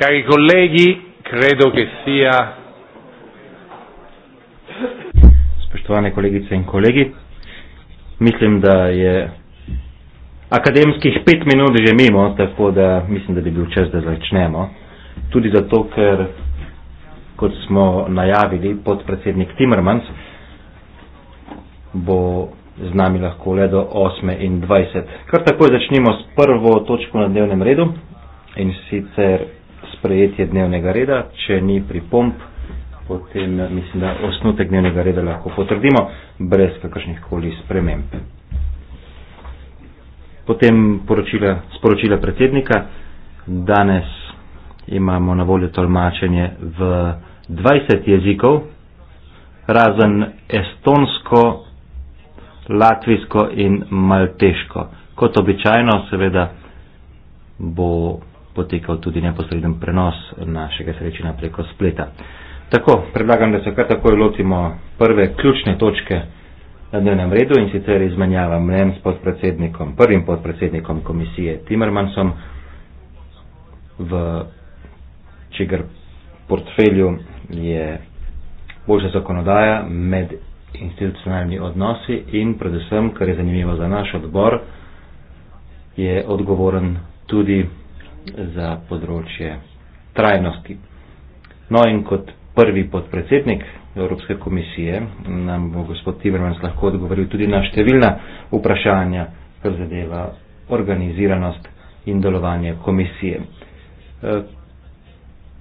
Cari colleghi, credo che sia. Spoštovane kolegice in kolegi, mislim, da je akademskih pet minut že mimo, tako da mislim, da bi bil čas, da začnemo. Tudi zato, ker, kot smo najavili, podpredsednik Timmermans bo z nami lahko le do 8.20. Kar takoj začnimo s prvo točko na dnevnem redu in sicer sprejetje dnevnega reda. Če ni pripomp, potem mislim, da osnutek dnevnega reda lahko potrdimo brez kakršnih koli sprememb. Potem poročila, sporočila predsednika. Danes imamo na voljo tolmačenje v 20 jezikov, razen estonsko, latvijsko in malteško. Kot običajno, seveda, bo potekal tudi neposreden prenos našega srečanja preko spleta. Tako, predlagam, da se kar takoj lotimo prve ključne točke na dnevnem redu in sicer izmenjava mnen s podpredsednikom, prvim podpredsednikom komisije Timmermansom, v čigar portfelju je boljša zakonodaja med institucionalni odnosi in predvsem, kar je zanimivo za naš odbor, je odgovoren tudi za področje trajnosti. No in kot prvi podpredsednik Evropske komisije nam bo gospod Timmermans lahko odgovoril tudi na številna vprašanja, kar zadeva organiziranost in delovanje komisije. E,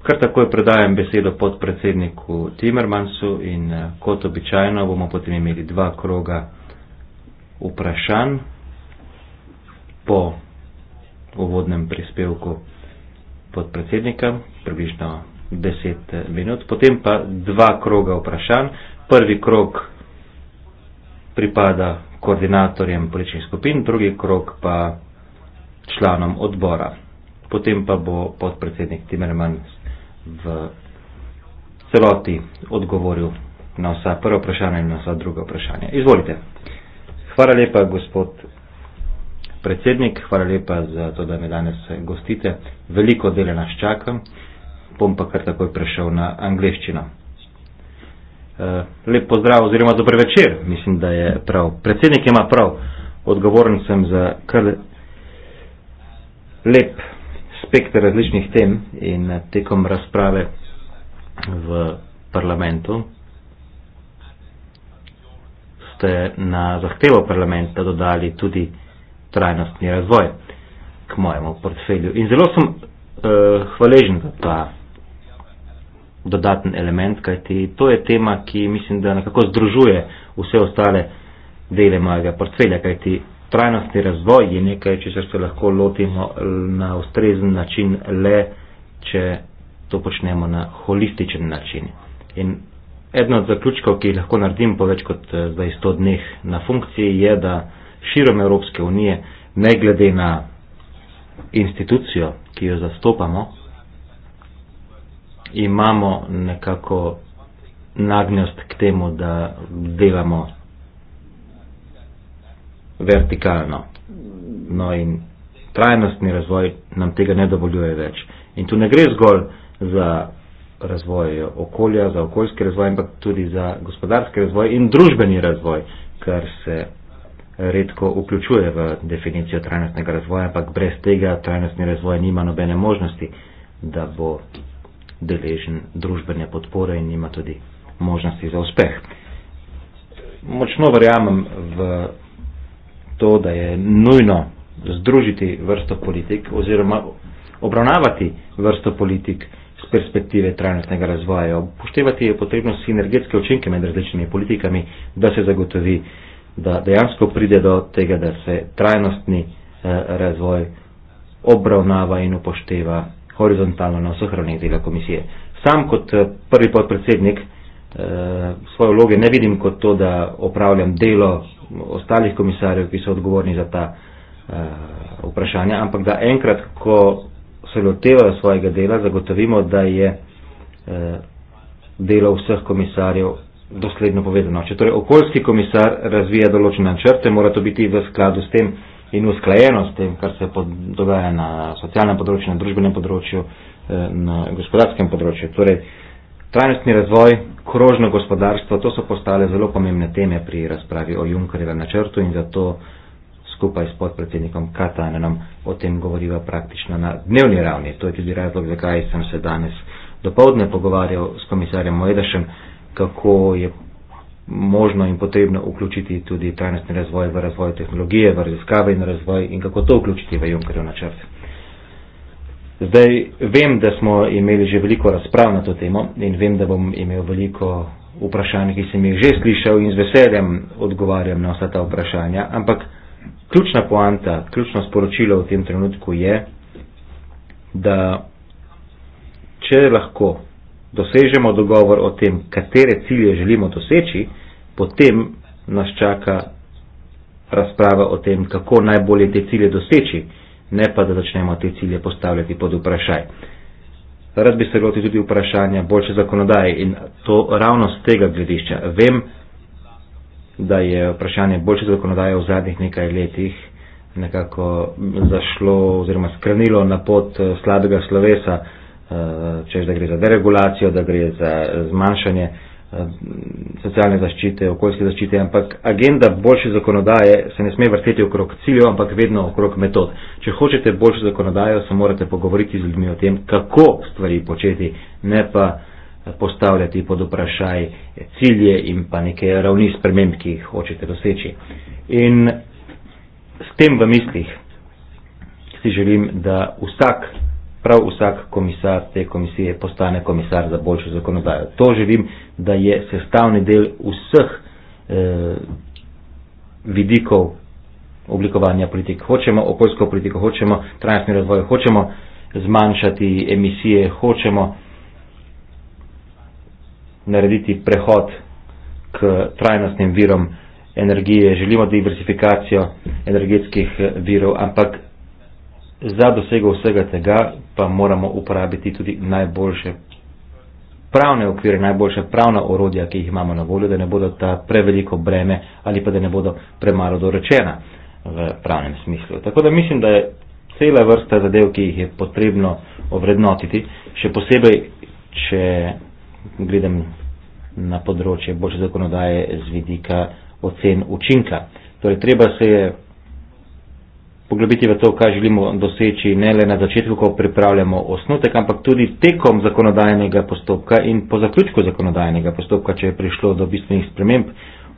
kar takoj predajam besedo podpredsedniku Timmermansu in e, kot običajno bomo potem imeli dva kroga vprašanj po uvodnem prispevku podpredsednika, približno 10 minut, potem pa dva kroga vprašanj. Prvi krog pripada koordinatorjem političnih skupin, drugi krog pa članom odbora. Potem pa bo podpredsednik Timerman v celoti odgovoril na vsa prva vprašanja in na vsa druga vprašanja. Izvolite. Hvala lepa, gospod predsednik, hvala lepa za to, da me danes gostite. Veliko dela nas čaka, bom pa kar takoj prešel na angliščino. Eh, lep pozdrav oziroma dober večer, mislim, da je prav. Predsednik ima prav, odgovoren sem za kar lep spekter različnih tem in eh, tekom razprave v parlamentu ste na zahtevo parlamenta dodali tudi trajnostni razvoj k mojemu portfelju. In zelo sem uh, hvaležen za ta dodaten element, kajti to je tema, ki mislim, da nekako združuje vse ostale dele mojega portfelja, kajti trajnostni razvoj je nekaj, če se lahko lotimo na ustrezen način le, če to počnemo na holističen način. In eden od zaključkov, ki jih lahko naredim po več kot 200 eh, dneh na funkciji, je, da širom Evropske unije, ne glede na institucijo, ki jo zastopamo, imamo nekako nagnjost k temu, da delamo vertikalno. No in trajnostni razvoj nam tega ne dovoljuje več. In tu ne gre zgolj za razvoj okolja, za okoljski razvoj, ampak tudi za gospodarski razvoj in družbeni razvoj, kar se redko vključuje v definicijo trajnostnega razvoja, ampak brez tega trajnostni razvoj nima nobene možnosti, da bo deležen družbene podpore in nima tudi možnosti za uspeh. Močno verjamem v to, da je nujno združiti vrsto politik oziroma obravnavati vrsto politik z perspektive trajnostnega razvoja. Upoštevati je potrebno sinergetske učinke med različnimi politikami, da se zagotovi da dejansko pride do tega, da se trajnostni eh, razvoj obravnava in upošteva horizontalno na vseh ravneh tega komisije. Sam kot eh, prvi podpredsednik eh, svoje vloge ne vidim kot to, da opravljam delo ostalih komisarjev, ki so odgovorni za ta vprašanja, ampak da enkrat, ko se lotevajo svojega dela, zagotovimo, da je delo vseh komisarjev dosledno povedano. Če torej okoljski komisar razvija določene črte, mora to biti v skladu s tem in usklajeno s tem, kar se dogaja na socialnem področju, na družbenem področju, eh, na gospodarskem področju. Torej, trajnostni razvoj, krožno gospodarstvo, to so postale zelo pomembne teme pri razpravi o Junkerjevem načrtu in zato skupaj s podpredsednikom Katanenom o tem govoriva praktično na dnevni ravni. To je tudi razlog, zakaj sem se danes dopovdne pogovarjal s komisarjem Moedašem kako je možno in potrebno vključiti tudi trajnostni razvoj v razvoj tehnologije, v raziskave in razvoj in kako to vključiti v Junkerjev načrt. Zdaj vem, da smo imeli že veliko razprav na to temo in vem, da bom imel veliko vprašanj, ki sem jih že slišal in z veseljem odgovarjam na vsa ta vprašanja, ampak ključna poanta, ključno sporočilo v tem trenutku je, da če lahko dosežemo dogovor o tem, katere cilje želimo doseči, potem nas čaka razprava o tem, kako najbolje te cilje doseči, ne pa da začnemo te cilje postavljati pod vprašaj. Rad bi se lotil tudi vprašanja boljše zakonodaje in to ravno z tega gledišča. Vem, da je vprašanje boljše zakonodaje v zadnjih nekaj letih nekako zašlo oziroma skrnilo na pot eh, slabega slovesa. Eh, češ da gre za deregulacijo, da gre za eh, zmanjšanje eh, socialne zaščite, okoljske zaščite, ampak agenda boljše zakonodaje se ne sme vrteti okrog ciljev, ampak vedno okrog metod. Če hočete boljšo zakonodajo, se morate pogovoriti z ljudmi o tem, kako stvari početi, ne pa postavljati pod vprašaj cilje in pa neke ravni sprememb, ki jih hočete doseči. In s tem v mislih si želim, da vsak prav vsak komisar te komisije postane komisar za boljšo zakonodajo. To želim, da je sestavni del vseh eh, vidikov oblikovanja politik. Hočemo okoljsko politiko, hočemo trajnostni razvoj, hočemo zmanjšati emisije, hočemo narediti prehod k trajnostnim virom energije, želimo diversifikacijo energetskih eh, virov, ampak za dosego vsega tega pa moramo uporabiti tudi najboljše pravne okvire, najboljše pravna orodja, ki jih imamo na voljo, da ne bodo ta preveliko breme ali pa da ne bodo premalo dorečena v pravnem smislu. Tako da mislim, da je cela vrsta zadev, ki jih je potrebno ovrednotiti, še posebej, če gledam na področje boljše zakonodaje z vidika ocen učinka. Torej, treba se je poglobiti v to, kaj želimo doseči ne le na začetku, ko pripravljamo osnutek, ampak tudi tekom zakonodajnega postopka in po zaključku zakonodajnega postopka, če je prišlo do bistvenih sprememb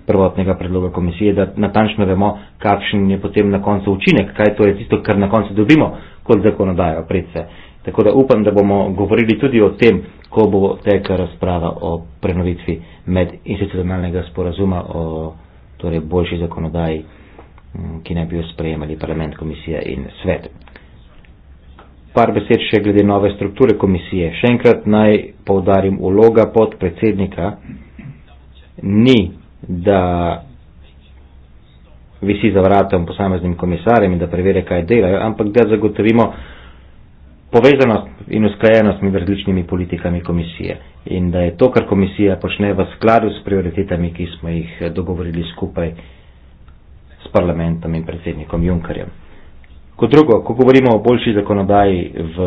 prvotnega predloga komisije, da natančno vemo, kakšen je potem na koncu učinek, kaj to je tisto, kar na koncu dobimo kot zakonodajo predse. Tako da upam, da bomo govorili tudi o tem, ko bo teka razprava o prenovitvi med institucionalnega sporazuma o torej, boljši zakonodaji. Mm, ki naj bi jo sprejemali parlament, komisija in svet. Par besed še glede nove strukture komisije. Še enkrat naj povdarim, uloga podpredsednika ni, da visi za vratom posameznim komisarjem in da preverja, kaj delajo, ampak da zagotovimo povezanost in usklajenost med različnimi politikami komisije in da je to, kar komisija počne v skladu s prioritetami, ki smo jih dogovorili skupaj parlamentom in predsednikom Junkerjem. Kot drugo, ko govorimo o boljši zakonodaji v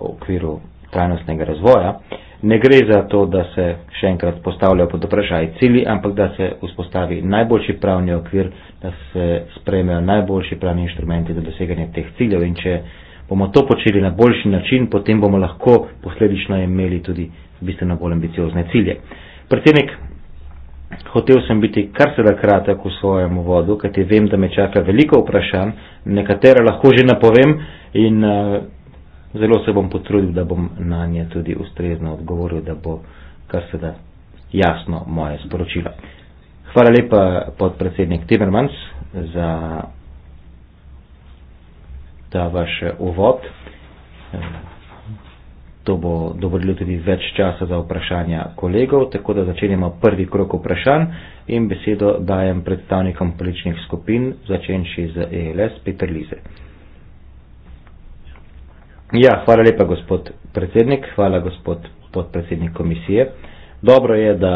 okviru trajnostnega razvoja, ne gre za to, da se še enkrat postavljajo pod vprašaj cili, ampak da se vzpostavi najboljši pravni okvir, da se sprejmejo najboljši pravni inštrumenti za doseganje teh ciljev in če bomo to počeli na boljši način, potem bomo lahko posledično imeli tudi bistveno bolj ambiciozne cilje. Predsednik Hotel sem biti kar se da kratek v svojem uvodu, kajti vem, da me čaka veliko vprašanj, nekatera lahko že napovem in uh, zelo se bom potrudil, da bom na nje tudi ustrezno odgovoril, da bo kar se da jasno moje sporočilo. Hvala lepa podpredsednik Timmermans za ta vaš uvod. Uh, To bo dovolilo tudi več časa za vprašanja kolegov, tako da začenjamo prvi krok vprašanj in besedo dajem predstavnikom političnih skupin, začenši z ELS Peter Lize. Ja, hvala lepa, gospod predsednik, hvala, gospod podpredsednik komisije. Dobro je, da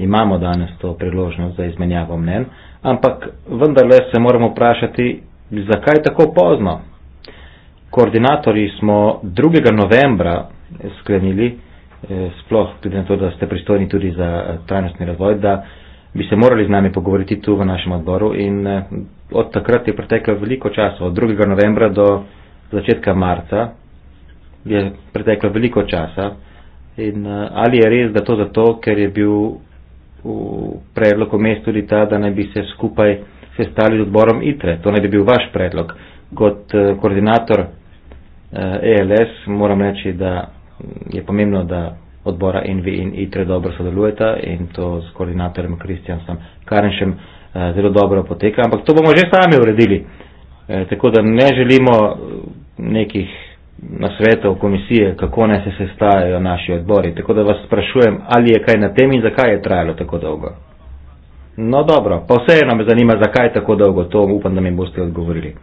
imamo danes to priložnost za izmenjavo mnen, ampak vendarle se moramo vprašati, zakaj tako pozno? koordinatorji smo 2. novembra sklenili, eh, sploh tudi na to, da ste pristojni tudi za eh, trajnostni razvoj, da bi se morali z nami pogovoriti tu v našem odboru in eh, od takrat je preteklo veliko časa, od 2. novembra do začetka marca je preteklo veliko časa in ali je res, da to zato, ker je bil v predlogu mest tudi ta, da naj bi se skupaj sestali z odborom ITRE, to naj bi bil vaš predlog kot koordinator ELS, eh, e moram reči, da je pomembno, da odbora NV in ITRE dobro sodelujeta in to s koordinatorjem Kristjansom Karenšem eh, zelo dobro poteka, ampak to bomo že sami uredili. Eh, tako da ne želimo nekih nasvetov komisije, kako naj se sestajajo naši odbori. Tako da vas sprašujem, ali je kaj na tem in zakaj je trajalo tako dolgo. No dobro, pa vseeno me zanima, zakaj je tako dolgo. To upam, da mi boste odgovorili.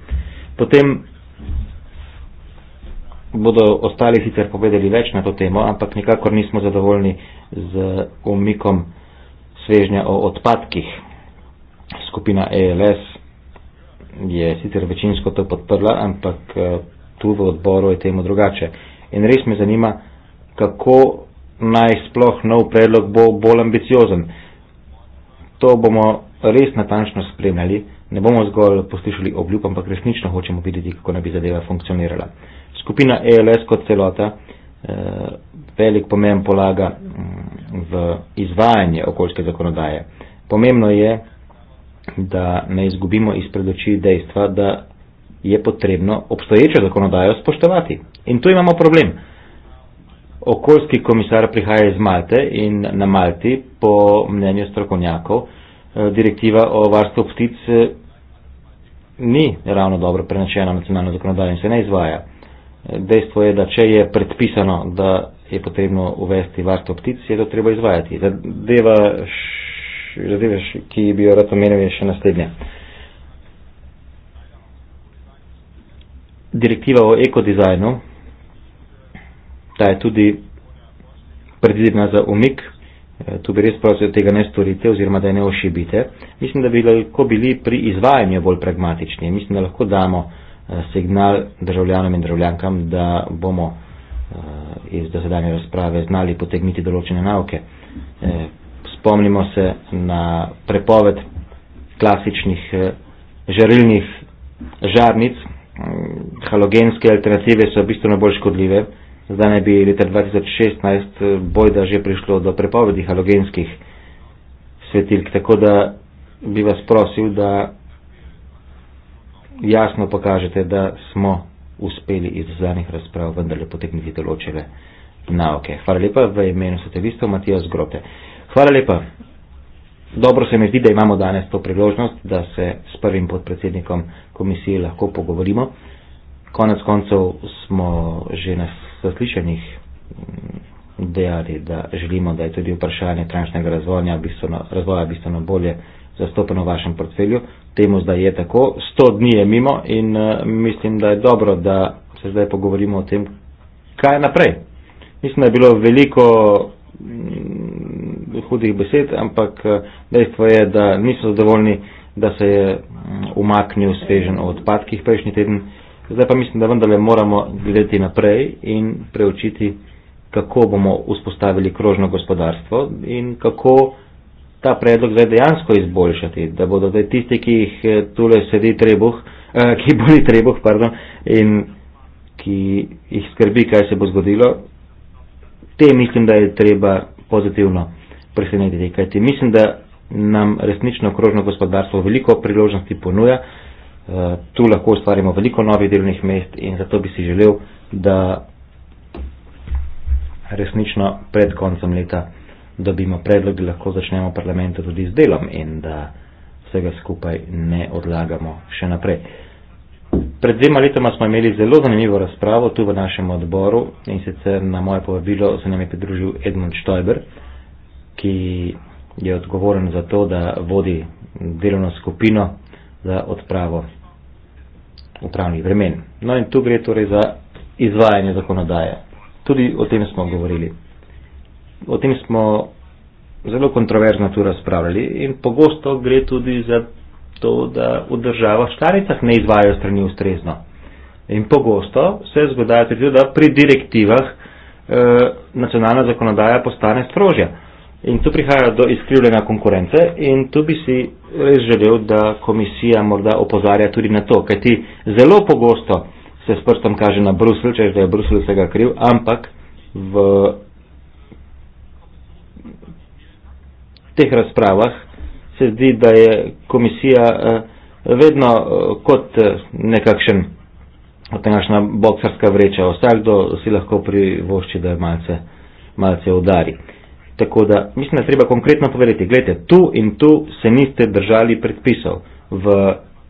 Potem bodo ostali sicer povedali več na to temo, ampak nikakor nismo zadovoljni z umikom svežnja o odpadkih. Skupina ELS je sicer večinsko to podprla, ampak eh, tu v odboru je temu drugače. In res me zanima, kako naj sploh nov predlog bo bolj ambiciozen. To bomo res natančno spremljali ne bomo zgolj poslušali obljub, ampak resnično hočemo videti, kako naj bi zadeva funkcionirala. Skupina ELS kot celota eh, velik pomen polaga mh, mm, v izvajanje okoljske zakonodaje. Pomembno je, da ne izgubimo iz predoči dejstva, da je potrebno obstoječo zakonodajo spoštovati. In tu imamo problem. Okoljski komisar prihaja iz Malte in na Malti, po mnenju strokovnjakov, eh, direktiva o varstvu ptic eh, ni ravno dobro prenačena nacionalna zakonodaja in se ne izvaja. Dejstvo je, da če je predpisano, da je potrebno uvesti varstvo ptic, je to treba izvajati. Zadeva, zadeva ki bi jo rad omenil, je še naslednja. Direktiva o ekodizajnu, ta je tudi predvidena za umik Eh, tu bi res prosil, da tega ne storite oziroma da ne ošibite. Mislim, da bi lahko bili pri izvajanju bolj pragmatični. Mislim, da lahko damo eh, signal državljanom in državljankam, da bomo eh, iz dosedanje razprave znali potegniti določene nauke. Spomnimo se na prepoved klasičnih žarilnih žarnic. Mm, halogenske alternative so bistveno bolj škodljive zdaj naj bi leta 2016 eh, bojda že prišlo do prepovedi halogenskih svetilk, tako da bi vas prosil, da jasno pokažete, da smo uspeli iz zadnjih razprav vendarle potegniti določene nauke. Hvala lepa v imenu satelistov Matija Zgrote. Hvala lepa. Dobro se mi zdi, da imamo danes to priložnost, da se s prvim podpredsednikom komisije lahko pogovorimo. Konec koncev smo že nas zaslišanjih mm, dejali, da želimo, da je tudi vprašanje trančnega razvoja bistveno, razvoja bistveno bolje zastopeno v vašem portfelju. Temu zdaj je tako. 100 dni je mimo in uh, mislim, da je dobro, da se zdaj pogovorimo o tem, kaj je naprej. Mislim, da je bilo veliko m, mm, hudih besed, ampak eh, dejstvo je, da nismo zadovoljni, da se je mm, umaknil svežen odpadkih prejšnji teden. Uh, Zdaj pa mislim, da vendarle moramo gledati naprej in preučiti, kako bomo vzpostavili krožno gospodarstvo in kako ta predlog zdaj dejansko izboljšati, da bodo zdaj tisti, ki jih eh, tule sedi trebuh, eh, ki boli trebuh, pardon, in ki jih skrbi, kaj se bo zgodilo, te mislim, da je treba pozitivno presenetiti, kajti mislim, da nam resnično krožno gospodarstvo veliko priložnosti ponuja, eh, Eh, tu lahko ustvarimo veliko novih delovnih mest in zato bi si želel, da resnično pred koncem leta dobimo predlog, da lahko začnemo parlamentu tudi z delom in da vsega skupaj ne odlagamo še naprej. Pred dvema letoma smo imeli zelo zanimivo razpravo tu v našem odboru in sicer na moje povabilo se nam je pridružil Edmund Stoiber, ki je odgovoren za to, da vodi delovno skupino za odpravo upravnih vremen. No in tu gre torej za izvajanje zakonodaje. Tudi o tem smo govorili. O tem smo zelo kontroverzno tu razpravljali in pogosto gre tudi za to, da v državah štaricah ne izvajajo strani ustrezno. In pogosto se zgodajo tudi, da pri direktivah eh, nacionalna zakonodaja postane strožja. In tu prihaja do izkrivljanja konkurence in tu bi si res želel, da komisija morda opozarja tudi na to, kaj ti zelo pogosto se s prstom kaže na Bruselj, če je, da je Bruselj vsega kriv, ampak v teh razpravah se zdi, da je komisija eh, vedno eh, kot eh, nekakšen tenašna boksarska vreča. Vsakdo si lahko privošči, da je malce, malce udari. Tako da mislim, da treba konkretno povedati, gledajte, tu in tu se niste držali predpisov. V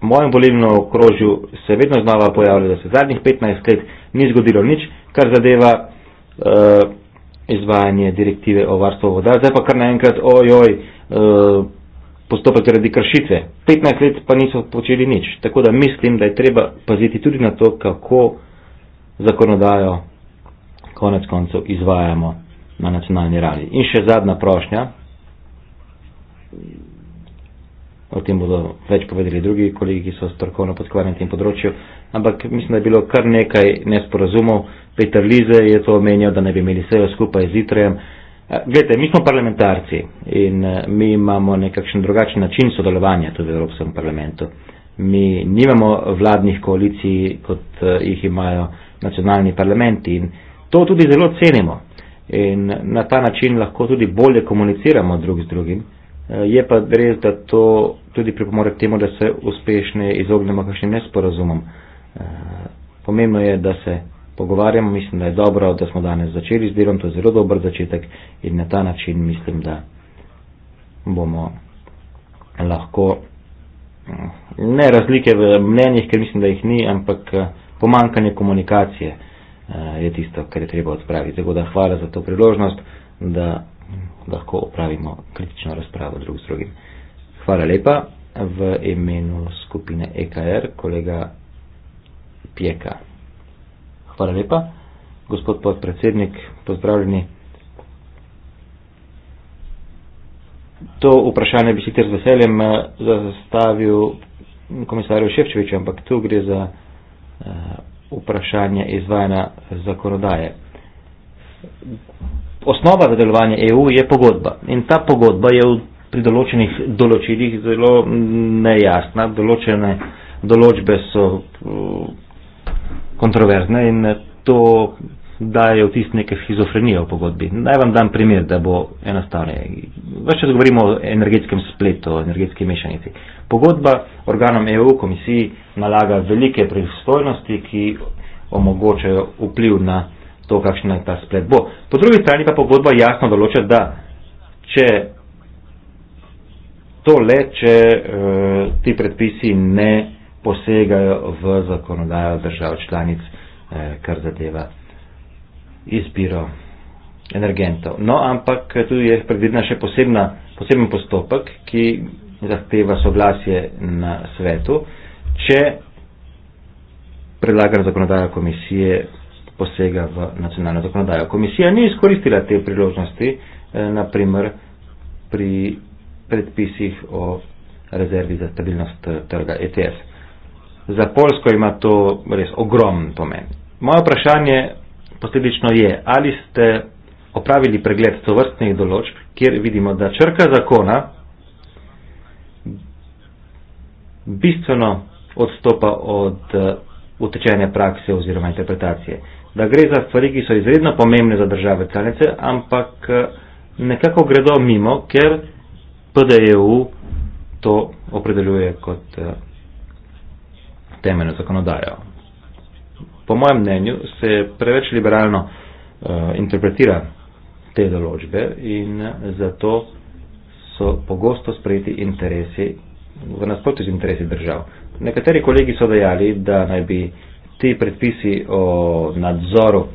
mojem volilnem okrožju se vedno znova pojavlja, da se zadnjih 15 let ni zgodilo nič, kar zadeva uh, izvajanje direktive o varstvu voda. Zdaj pa kar naenkrat, ojoj, uh, postopek zaradi kršitve. 15 let pa niso počeli nič. Tako da mislim, da je treba paziti tudi na to, kako zakonodajo konec koncev izvajamo na nacionalni rali. In še zadnja prošnja, o tem bodo več povedali drugi kolegi, ki so strokovno podkvarjeni na tem področju, ampak mislim, da je bilo kar nekaj nesporazumov. Peter Lize je to omenjal, da ne bi imeli sejo skupaj z Itrejem. Eh, Glede, mi smo parlamentarci in eh, mi imamo nekakšen drugačen način sodelovanja tudi v Evropskem parlamentu. Mi nimamo vladnih koalicij, kot eh, jih imajo nacionalni parlamenti in to tudi zelo cenimo in na ta način lahko tudi bolje komuniciramo drug z drugim. Eh, je pa res, da to tudi pripomore k temu, da se uspešno izognemo kakšnim nesporazumom. Eh, pomembno je, da se pogovarjamo, mislim, da je dobro, da smo danes začeli z delom, to je zelo dober začetek in na ta način mislim, da bomo lahko mm, ne razlike v mnenjih, ker mislim, da jih ni, ampak eh, pomankanje komunikacije. Eh, je tisto, kar je treba odpraviti. Tako da hvala za to priložnost, da lahko opravimo kritično razpravo drug z drugim. Hvala lepa v imenu skupine EKR, kolega Pjeka. Hvala lepa, gospod podpredsednik, pozdravljeni. To vprašanje bi sicer z veseljem eh, zastavil komisarju Ševčeviču, ampak tu gre za. Uh, vprašanje izvajanja zakonodaje. Osnova za delovanje EU je pogodba in ta pogodba je v pri določenih določilih zelo nejasna, določene določbe so kontroverzne in to da je vtis neke schizofrenije v pogodbi. Naj vam dam primer, da bo enostavno. Več čas govorimo o energetskem spletu, o energetski mešanici. Pogodba organom EU komisiji nalaga velike pristojnosti, ki omogočajo vpliv na to, kakšna ta splet bo. Po drugi strani pa pogodba jasno določa, da če to le, če e, ti predpisi ne posegajo v zakonodajo držav članic, e, kar zadeva izbiro energentov. No, ampak tudi je predvidena še posebna, poseben postopek, ki zahteva soglasje na svetu, če predlagana zakonodaja komisije posega v nacionalno zakonodajo. Komisija ni izkoristila te priložnosti, eh, naprimer pri predpisih o rezervi za stabilnost eh, trga ETS. Za Polsko ima to res ogromen pomen. Moje vprašanje posledično je, ali ste opravili pregled tovrstnih določb, kjer vidimo, da črka zakona bistveno odstopa od uh, utečene prakse oziroma interpretacije. Da gre za stvari, ki so izredno pomembne za države članice, ampak eh, nekako gredo mimo, ker PDEU to opredeljuje kot eh, temeljno zakonodajo po mojem mnenju se preveč liberalno uh, interpretira te določbe in zato so pogosto sprejeti interesi v nasprotju z interesi držav. Nekateri kolegi so dejali, da naj bi ti predpisi o nadzoru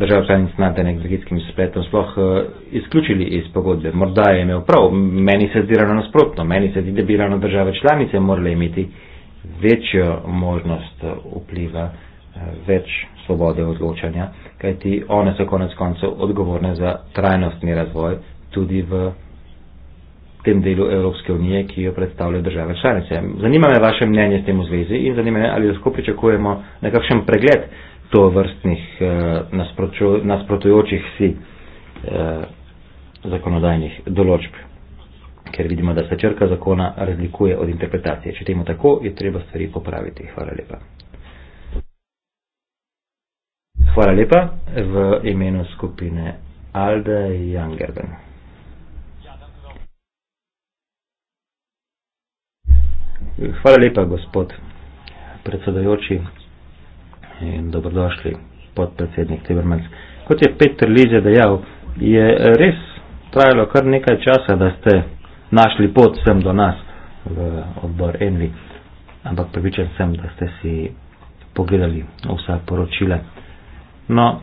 držav članic nad energetskim spletom sploh eh, izključili iz pogodbe. Morda je imel prav, meni se zdi ravno nasprotno, meni se zdi, da bi ravno države članice morale imeti večjo možnost eh, vpliva. Eh, več svobode odločanja, kajti one so konec koncev odgovorne za trajnostni razvoj tudi v tem delu Evropske unije, ki jo predstavljajo države članice. Zanima me vaše mnenje s tem v zvezi in zanima me, ali lahko pričakujemo nekakšen pregled to vrstnih eh, nasprotujočih si eh, zakonodajnih določb, ker vidimo, da se črka zakona razlikuje od interpretacije. Če temu tako, je treba stvari popraviti. Hvala lepa. Hvala lepa v imenu skupine Alde Jangerben. Hvala lepa, gospod predsedajoči in dobrodošli podpredsednik Tibermans. Kot je Peter Lize dejal, je res trajalo kar nekaj časa, da ste našli pot sem do nas v odbor Envi, ampak pripričan sem, da ste si pogledali vsa poročila No,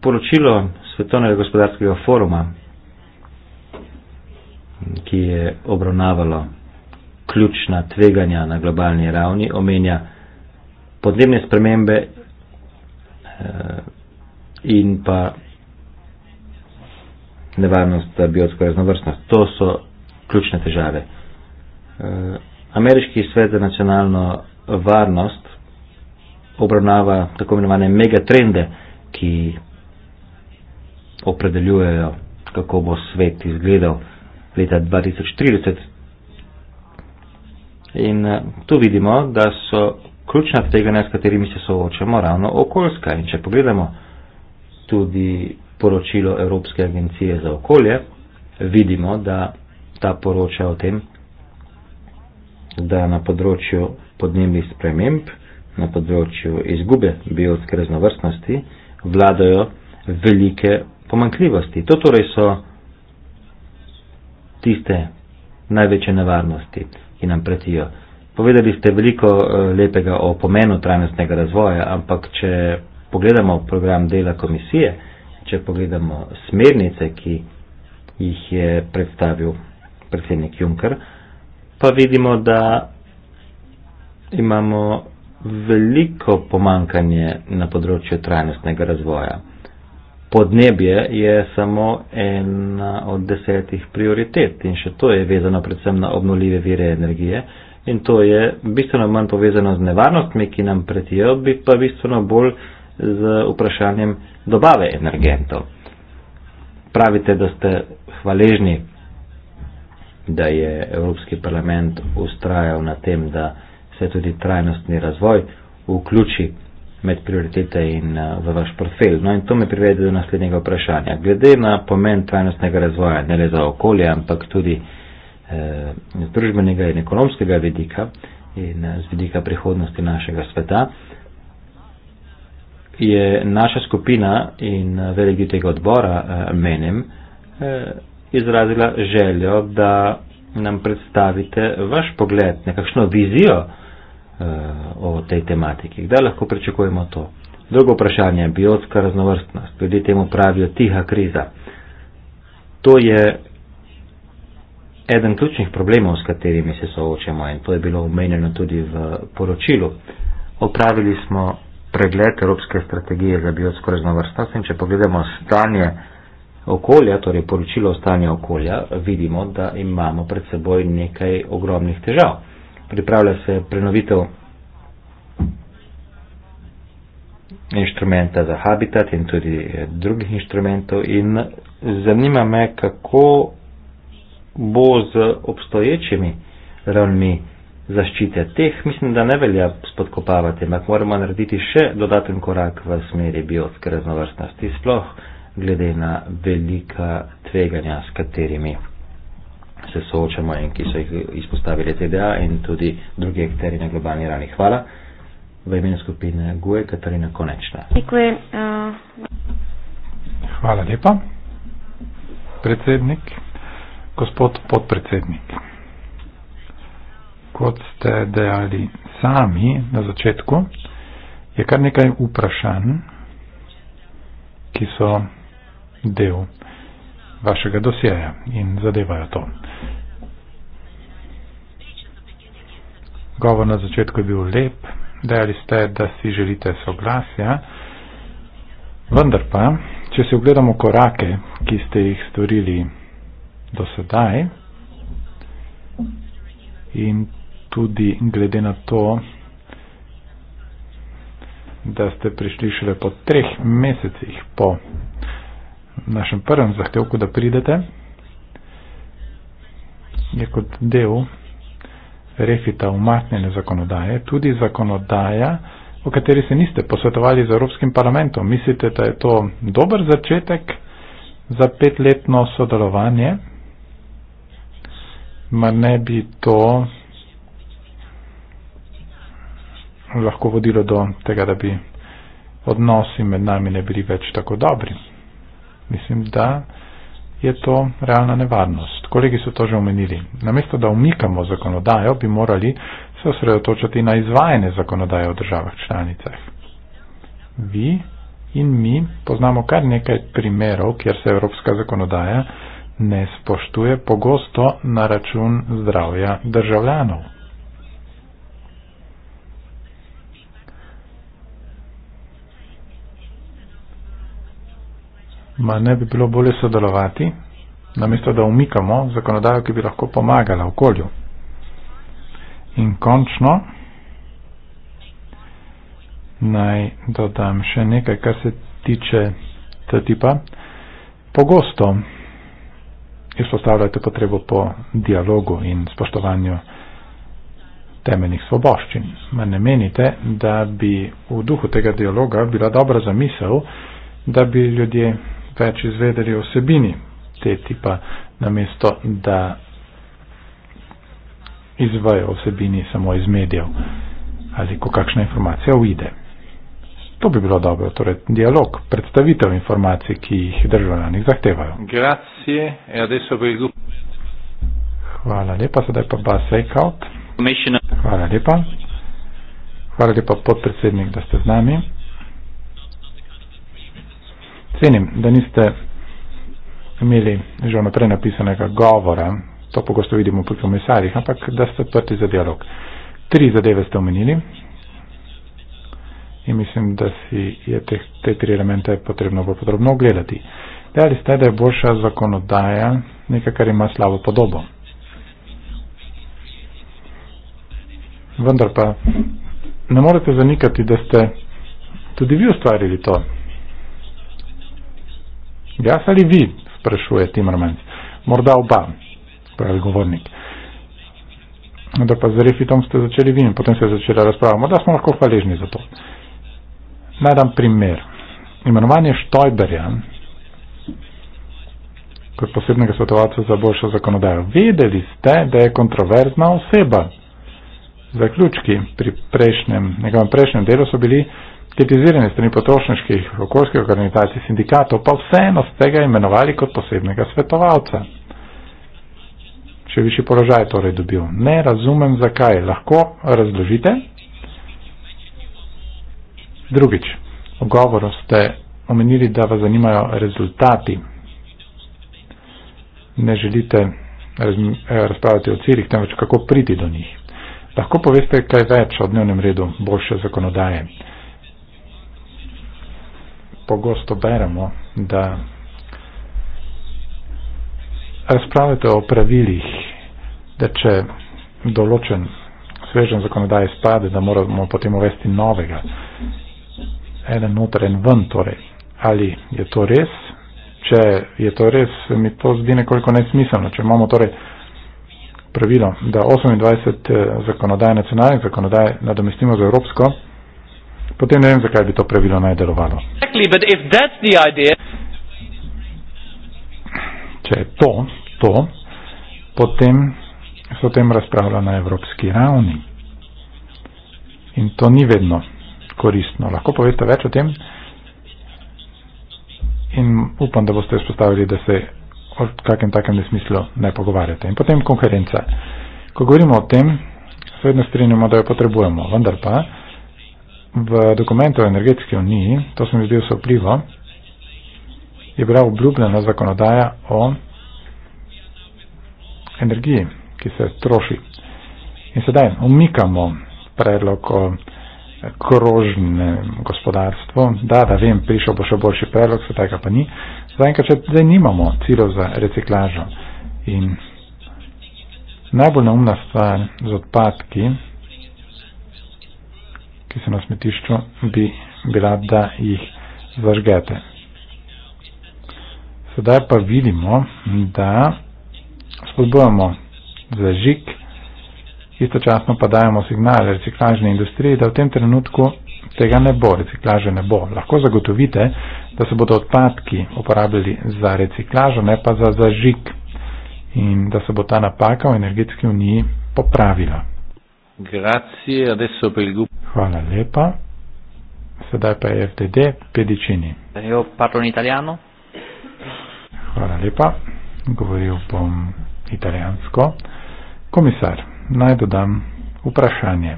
poročilo Svetovnega gospodarskega foruma, ki je obravnavalo ključna tveganja na globalni ravni, omenja podnebne spremembe eh, in pa nevarnost za biotsko raznovrstnost. To so ključne težave. Eh, Ameriški svet za nacionalno varnost obravnava tako imenovane megatrende, ki opredeljujejo, kako bo svet izgledal leta 2030. In eh, tu vidimo, da so ključna tveganja, s katerimi se soočamo, ravno okoljska. In če pogledamo tudi poročilo Evropske agencije za okolje, vidimo, da ta poroča o tem, da na področju podnebnih sprememb na področju izgube biotske raznovrstnosti vladajo velike pomankljivosti. To torej so tiste največje nevarnosti, ki nam pretijo. Povedali ste veliko eh, lepega o pomenu trajnostnega razvoja, ampak če pogledamo program dela komisije, če pogledamo smernice, ki jih je predstavil predsednik Juncker, pa vidimo, da imamo veliko pomankanje na področju trajnostnega razvoja. Podnebje je samo ena od desetih prioritet in še to je vezano predvsem na obnoljive vire energije in to je bistveno manj povezano z nevarnostmi, ki nam pretijo, bi pa bistveno bolj z vprašanjem dobave energentov. Pravite, da ste hvaležni, da je Evropski parlament ustrajal na tem, da se tudi trajnostni razvoj vključi med prioritete in uh, v vaš portfelj. No in to me privede do naslednjega vprašanja. Glede na pomen trajnostnega razvoja, ne le za okolje, ampak tudi eh, z eh, družbenega in ekonomskega vidika in eh, z vidika prihodnosti našega sveta, je naša skupina in eh, velik del tega odbora, eh, menim, eh, izrazila željo, da nam predstavite vaš pogled, nekakšno vizijo, Eh, o tej tematiki. Kdaj lahko pričakujemo to? Drugo vprašanje je biotska raznovrstnost. Ljudje temu pravijo tiha kriza. To je eden ključnih problemov, s katerimi se soočamo in to je bilo omenjeno tudi v poročilu. Opravili smo pregled Evropske strategije za biotsko raznovrstnost in če pogledamo stanje okolja, torej poročilo o stanju okolja, vidimo, da imamo pred seboj nekaj ogromnih težav pripravlja se prenovitev inštrumenta za habitat in tudi eh, drugih inštrumentov in zanima me, kako bo z obstoječimi ravnmi zaščite. Teh mislim, da ne velja spodkopavati, ampak moramo narediti še dodaten korak v smeri biotske raznovrstnosti, sploh glede na velika tveganja, s katerimi se soočamo in ki so jih izpostavili TDA in tudi drugi akteri na globalni ravni. Hvala. V imenu skupine GUE, Katarina Konečna. Eh. Hvala lepa. Predsednik, gospod podpredsednik, kot ste dejali sami na začetku, je kar nekaj vprašanj, ki so del vašega dosjeja in zadevajo to. Govor na začetku je bil lep, dejali ste, da si želite soglasja, vendar pa, če si ogledamo korake, ki ste jih storili do sedaj in tudi glede na to, da ste prišli šele po treh mesecih po našem prvem zahtevku, da pridete, je kot del refita umaknjene zakonodaje, tudi zakonodaja, o kateri se niste posvetovali z Evropskim parlamentom. Mislite, da je to dober začetek za petletno sodelovanje? Ma ne bi to lahko vodilo do tega, da bi odnosi med nami ne bili več tako dobri. Mislim, da je to realna nevarnost. Kolegi so to že omenili. Namesto, da umikamo zakonodajo, bi morali se osredotočiti na izvajanje zakonodaje v državah članicah. Vi in mi poznamo kar nekaj primerov, kjer se evropska zakonodaja ne spoštuje pogosto na račun zdravja državljanov. Ma ne bi bilo bolje sodelovati, namesto da umikamo zakonodajo, ki bi lahko pomagala okolju. In končno naj dodam še nekaj, kar se tiče T-tipa. Pogosto izpostavljate potrebo po dialogu in spoštovanju temeljnih svoboščin. Ma ne menite, da bi v duhu tega dialoga bila dobra zamisel, da bi ljudje več izvedeli o vsebini te tipa, namesto da izvajo vsebini samo iz medijev ali ko kakšna informacija uide. To bi bilo dobro, torej dialog, predstavitev informacij, ki jih državljani zahtevajo. Grazie, e adesso prego. Hvala lepa, sedaj pa ba Hvala lepa. Hvala lepa podpredsednik, da ste z nami. Cenim, da niste imeli že vnaprej napisanega govora, to pogosto vidimo pri komisarjih, ampak da ste odprti za dialog. Tri zadeve ste omenili in mislim, da si je te, te tri elemente potrebno bolj podrobno ogledati. Dejali ste, da je boljša zakonodaja nekaj, kar ima slabo podobo. Vendar pa ne morete zanikati, da ste tudi vi ustvarili to Jaz ali vi, sprašuje Timmermans. Morda oba, pravi govornik. Vendar pa z refitom ste začeli vi in potem se je začela razprava. Morda smo lahko hvaležni za to. Naj dam primer. Imenovanje Štojberja kot posebnega svetovalca za boljšo zakonodajo. Vedeli ste, da je kontroverzna oseba. Zaključki pri prejšnjem, njegovem prejšnjem delu so bili, kritizirane strani potrošniških okoljskih organizacij sindikatov, pa vseeno ste tega imenovali kot posebnega svetovalca. Še višji položaj je torej dobil. Ne razumem, zakaj. Lahko razložite? Drugič, v govoru ste omenili, da vas zanimajo rezultati. Ne želite eh, razpravljati o ciljih, temveč kako priti do njih. Lahko poveste kaj več o dnevnem redu boljše zakonodaje pogosto beremo, da razpravljate o pravilih, da če določen svežen zakonodaj spade, da moramo potem uvesti novega, eden noter, en ven, torej. Ali je to res? Če je to res, mi to zdi nekoliko nesmiselno. Če imamo torej pravilo, da 28 eh, zakonodaj, nacionalnih zakonodaj, nadomestimo z evropsko, potem ne vem, zakaj bi to pravilo naj delovalo. Če je to, to, potem se o tem razpravlja na evropski ravni. In to ni vedno koristno. Lahko poveste več o tem in upam, da boste izpostavili, da se o kakem takem nesmislu ne pogovarjate. In potem konferenca. Ko govorimo o tem, se vedno strinjamo, da jo potrebujemo, vendar pa v dokumentu o energetski uniji, to sem izdel so vplivo, je bila obljubljena zakonodaja o energiji, ki se troši. In sedaj umikamo predlog o krožnem gospodarstvu, da, da vem, prišel bo še boljši predlog, se tega pa ni. Zaenkrat, zdaj nimamo ciljev za reciklažo. In najbolj neumna stvar z odpadki, ki so na smetišču, bi bila, da jih zažgete. Sedaj pa vidimo, da spodbujamo zažig, istočasno pa dajemo signale reciklažni industriji, da v tem trenutku tega ne bo, reciklaže ne bo. Lahko zagotovite, da se bodo odpadki uporabljali za reciklažo, ne pa za zažig in da se bo ta napaka v energetski uniji popravila. Grazie, adesso per il gruppo. Hvala lepa. Sedaj pa je FDD, Pedicini. Io parlo in italiano. Hvala lepa. Govoril bom italijansko. Komisar, naj dodam vprašanje.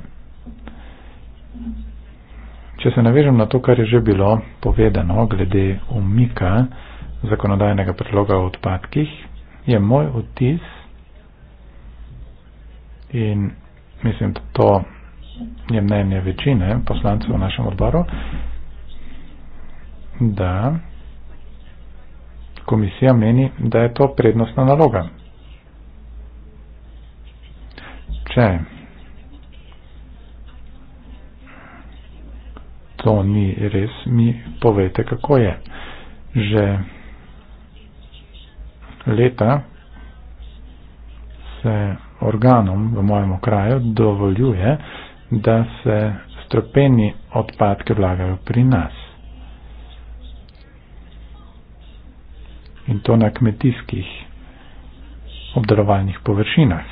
Če se navežem na to, kar je že bilo povedano glede umika zakonodajnega predloga o odpadkih, je moj odtis in mislim, to je mnenje večine poslancev v našem odboru, da komisija meni, da je to prednostna naloga. Če to ni res, mi povete, kako je. Že leta se organom v mojem okraju dovoljuje, da se stropeni odpadke vlagajo pri nas. In to na kmetijskih obdarovalnih površinah.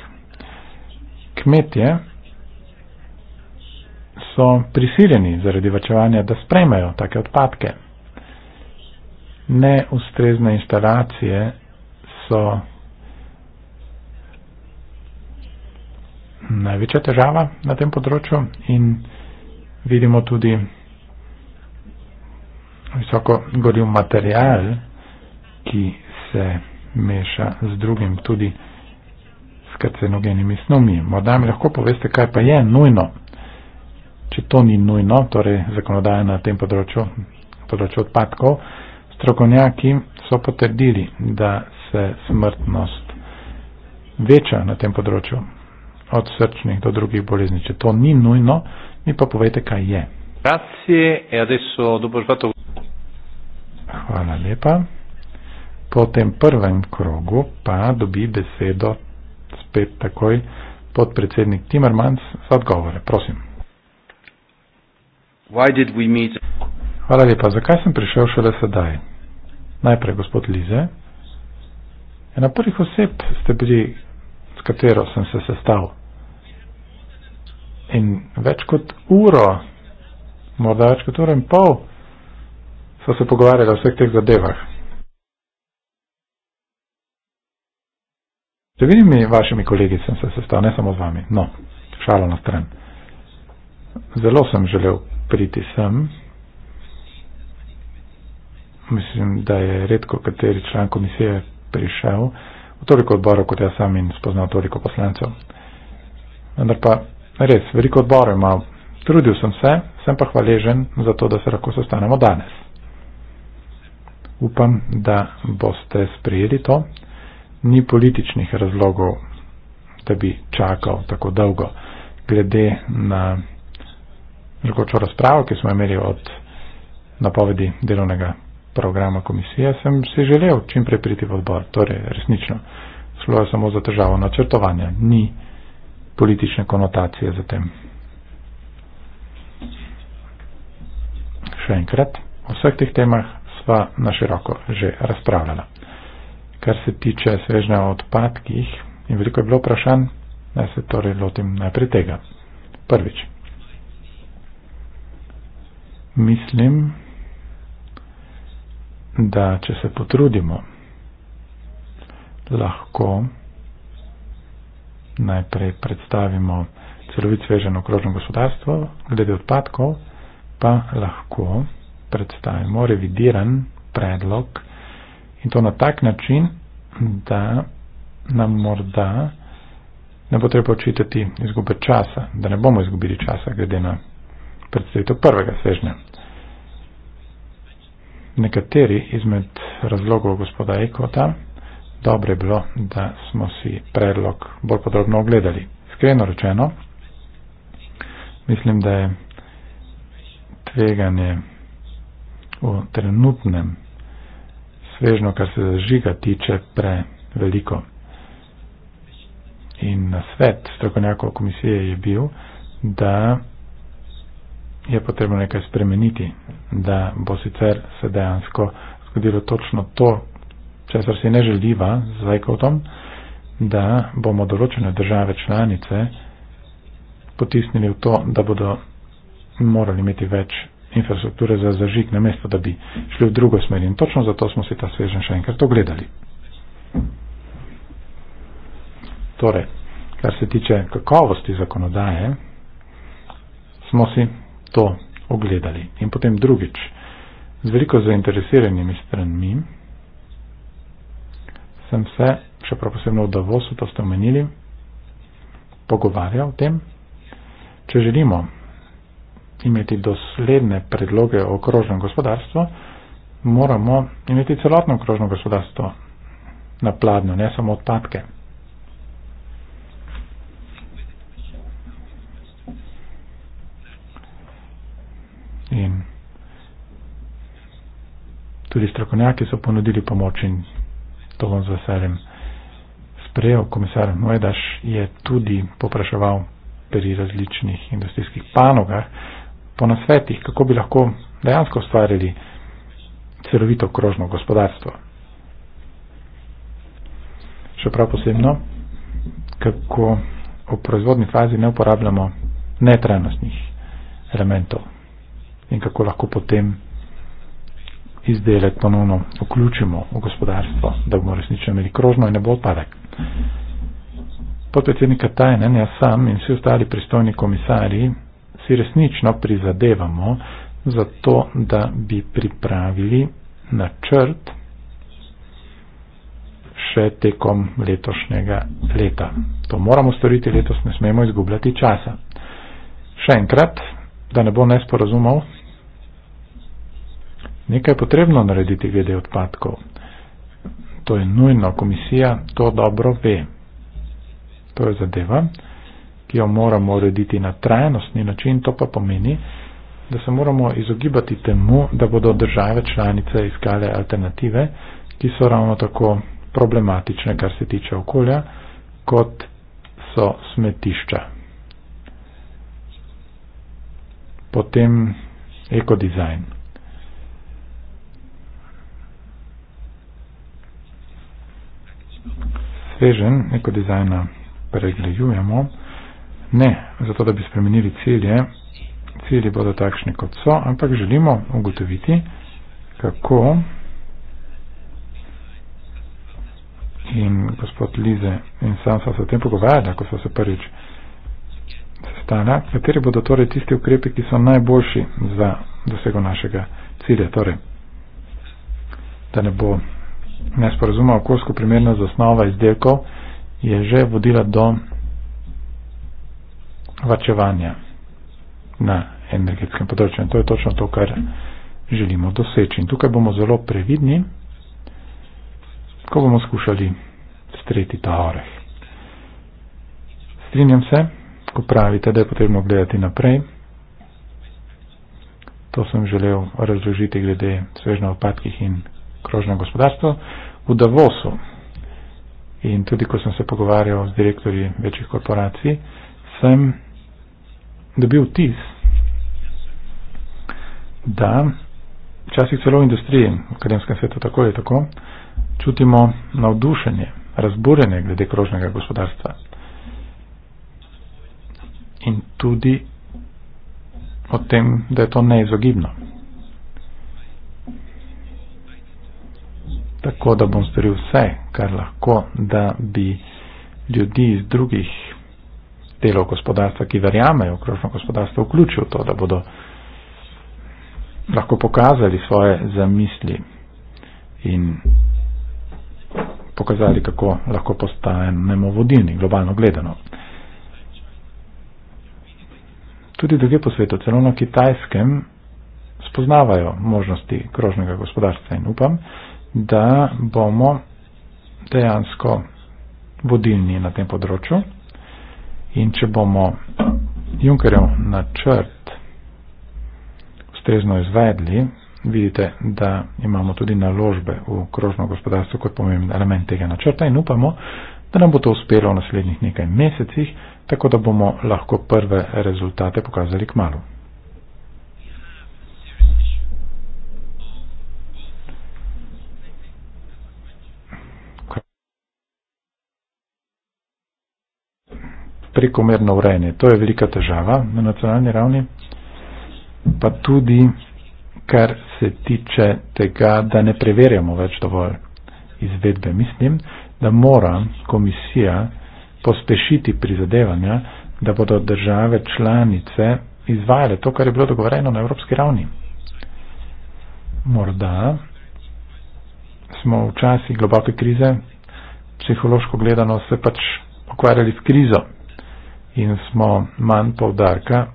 Kmetje so prisiljeni zaradi vačevanja, da sprejmajo take odpadke. Neustrezne instalacije so največja težava na tem področju in vidimo tudi visoko goril material, ki se meša z drugim tudi s karcenogenimi snumi. Morda mi lahko poveste, kaj pa je nujno. Če to ni nujno, torej zakonodaja na tem področju, področju odpadkov, strokovnjaki so potrdili, da se smrtnost veča na tem področju od srčnih do drugih bolezni. Če to ni nujno, mi pa povete, kaj je. E Hvala lepa. Po tem prvem krogu pa dobi besedo spet takoj podpredsednik Timmermans za odgovore. Prosim. Hvala lepa. Zakaj sem prišel šele sedaj? Najprej gospod Lize. Ena prvih oseb ste bili, s katero sem se sestavil in več kot uro, morda več kot uro in pol, so se pogovarjali o vseh teh zadevah. Z vidimi vašimi kolegi sem se sestal, ne samo z vami. No, šalo na stran. Zelo sem želel priti sem. Mislim, da je redko kateri član komisije prišel v toliko odborov kot jaz sam in spoznal toliko poslancev. Vendar pa Res, veliko odborov imam. Trudil sem se, sem pa hvaležen za to, da se lahko sestanemo danes. Upam, da boste sprejeli to. Ni političnih razlogov, da bi čakal tako dolgo. Glede na rekočo razpravo, ki smo imeli od napovedi delovnega programa komisije, sem si želel čim prej priti v odbor. Torej, resnično, šlo je samo za težavo načrtovanja. Ni politične konotacije za tem. Še enkrat, o vseh teh temah sva na široko že razpravljala. Kar se tiče svežnja odpadkih, in veliko je bilo vprašanj, naj se torej lotim najprej tega. Prvič. Mislim, da če se potrudimo, lahko najprej predstavimo celovit sveženo okrožno gospodarstvo, glede odpadkov pa lahko predstavimo revidiran predlog in to na tak način, da nam morda ne bo treba očitati izgube časa, da ne bomo izgubili časa glede na predstavitev prvega svežnja. Nekateri izmed razlogov gospoda Ekota dobro je bilo, da smo si predlog bolj podrobno ogledali. Skreno rečeno, mislim, da je tveganje v trenutnem svežno, kar se zažiga, tiče preveliko. In na svet strokovnjakov komisije je bil, da je potrebno nekaj spremeniti, da bo sicer se dejansko zgodilo točno to, česar si ne želiva z Vajkotom, da bomo določene države članice potisnili v to, da bodo morali imeti več infrastrukture za zažig, namesto da bi šli v drugo smer. In točno zato smo si ta svežen še enkrat ogledali. Torej, kar se tiče kakovosti zakonodaje, smo si to ogledali. In potem drugič, z veliko zainteresiranimi stranmi, sem se, še prav posebno v Davosu, to ste omenili, pogovarjal o tem, če želimo imeti dosledne predloge o krožnem gospodarstvu, moramo imeti celotno krožno gospodarstvo na pladnju, ne samo odpadke. In tudi strokovnjaki so ponudili pomoč in to bom z veseljem sprejel. Komisar Noedaš je tudi popraševal pri različnih industrijskih panogah po nasvetih, kako bi lahko dejansko ustvarili celovito krožno gospodarstvo. Še prav posebno, kako v proizvodni fazi ne uporabljamo netrajnostnih elementov in kako lahko potem izdelek ponovno vključimo v gospodarstvo, da bomo resnično imeli krožno in ne bo odpadek. Podpredsednik Katajnen, jaz sam in vsi ostali pristojni komisarji si resnično prizadevamo za to, da bi pripravili načrt še tekom letošnjega leta. To moramo storiti letos, ne smemo izgubljati časa. Še enkrat, da ne bo nesporazumov, Nekaj je potrebno narediti glede odpadkov. To je nujno, komisija to dobro ve. To je zadeva, ki jo moramo urediti na trajnostni način, to pa pomeni, da se moramo izogibati temu, da bodo države članice iskale alternative, ki so ravno tako problematične, kar se tiče okolja, kot so smetišča. Potem ekodizajn. sveženj neko dizajna pregledujemo. Ne, zato da bi spremenili cilje, cilji bodo takšni kot so, ampak želimo ugotoviti, kako in gospod Lize in sam so se o tem pogovarjali, ko so se prvič sestala, kateri bodo torej tisti ukrepi, ki so najboljši za dosego našega cilja. Torej, da ne bo nesporazuma okoljsko primerna zasnova izdelkov je že vodila do vačevanja na energetskem področju. In to je točno to, kar želimo doseči. In tukaj bomo zelo previdni, ko bomo skušali streti ta oreh. Strinjam se, ko pravite, da je potrebno gledati naprej. To sem želel razložiti glede svežna odpadkih in krožno gospodarstvo v Davosu. In tudi, ko sem se pogovarjal z direktorji večjih korporacij, sem dobil tis, da včasih celo v industriji, v akademskem svetu tako je tako, čutimo navdušenje, razburjenje glede krožnega gospodarstva. In tudi o tem, da je to neizogibno. tako, da bom storil vse, kar lahko, da bi ljudi iz drugih delov gospodarstva, ki verjamejo v krožno gospodarstvo, vključil to, da bodo lahko pokazali svoje zamisli in pokazali, kako lahko postanemo vodilni, globalno gledano. Tudi druge po svetu, celo na kitajskem, spoznavajo možnosti krožnega gospodarstva in upam, da bomo dejansko vodilni na tem področju in če bomo Junkerjev načrt ustrezno izvedli, vidite, da imamo tudi naložbe v krožno gospodarstvo kot pomemben element tega načrta in upamo, da nam bo to uspelo v naslednjih nekaj mesecih, tako da bomo lahko prve rezultate pokazali k malu. prekomerno urejene. To je velika težava na nacionalni ravni, pa tudi kar se tiče tega, da ne preverjamo več dovolj izvedbe. Mislim, da mora komisija pospešiti prizadevanja, da bodo države članice izvajale to, kar je bilo dogovoreno na evropski ravni. Morda smo v časi globoke krize, psihološko gledano se pač ukvarjali s krizo, in smo manj povdarka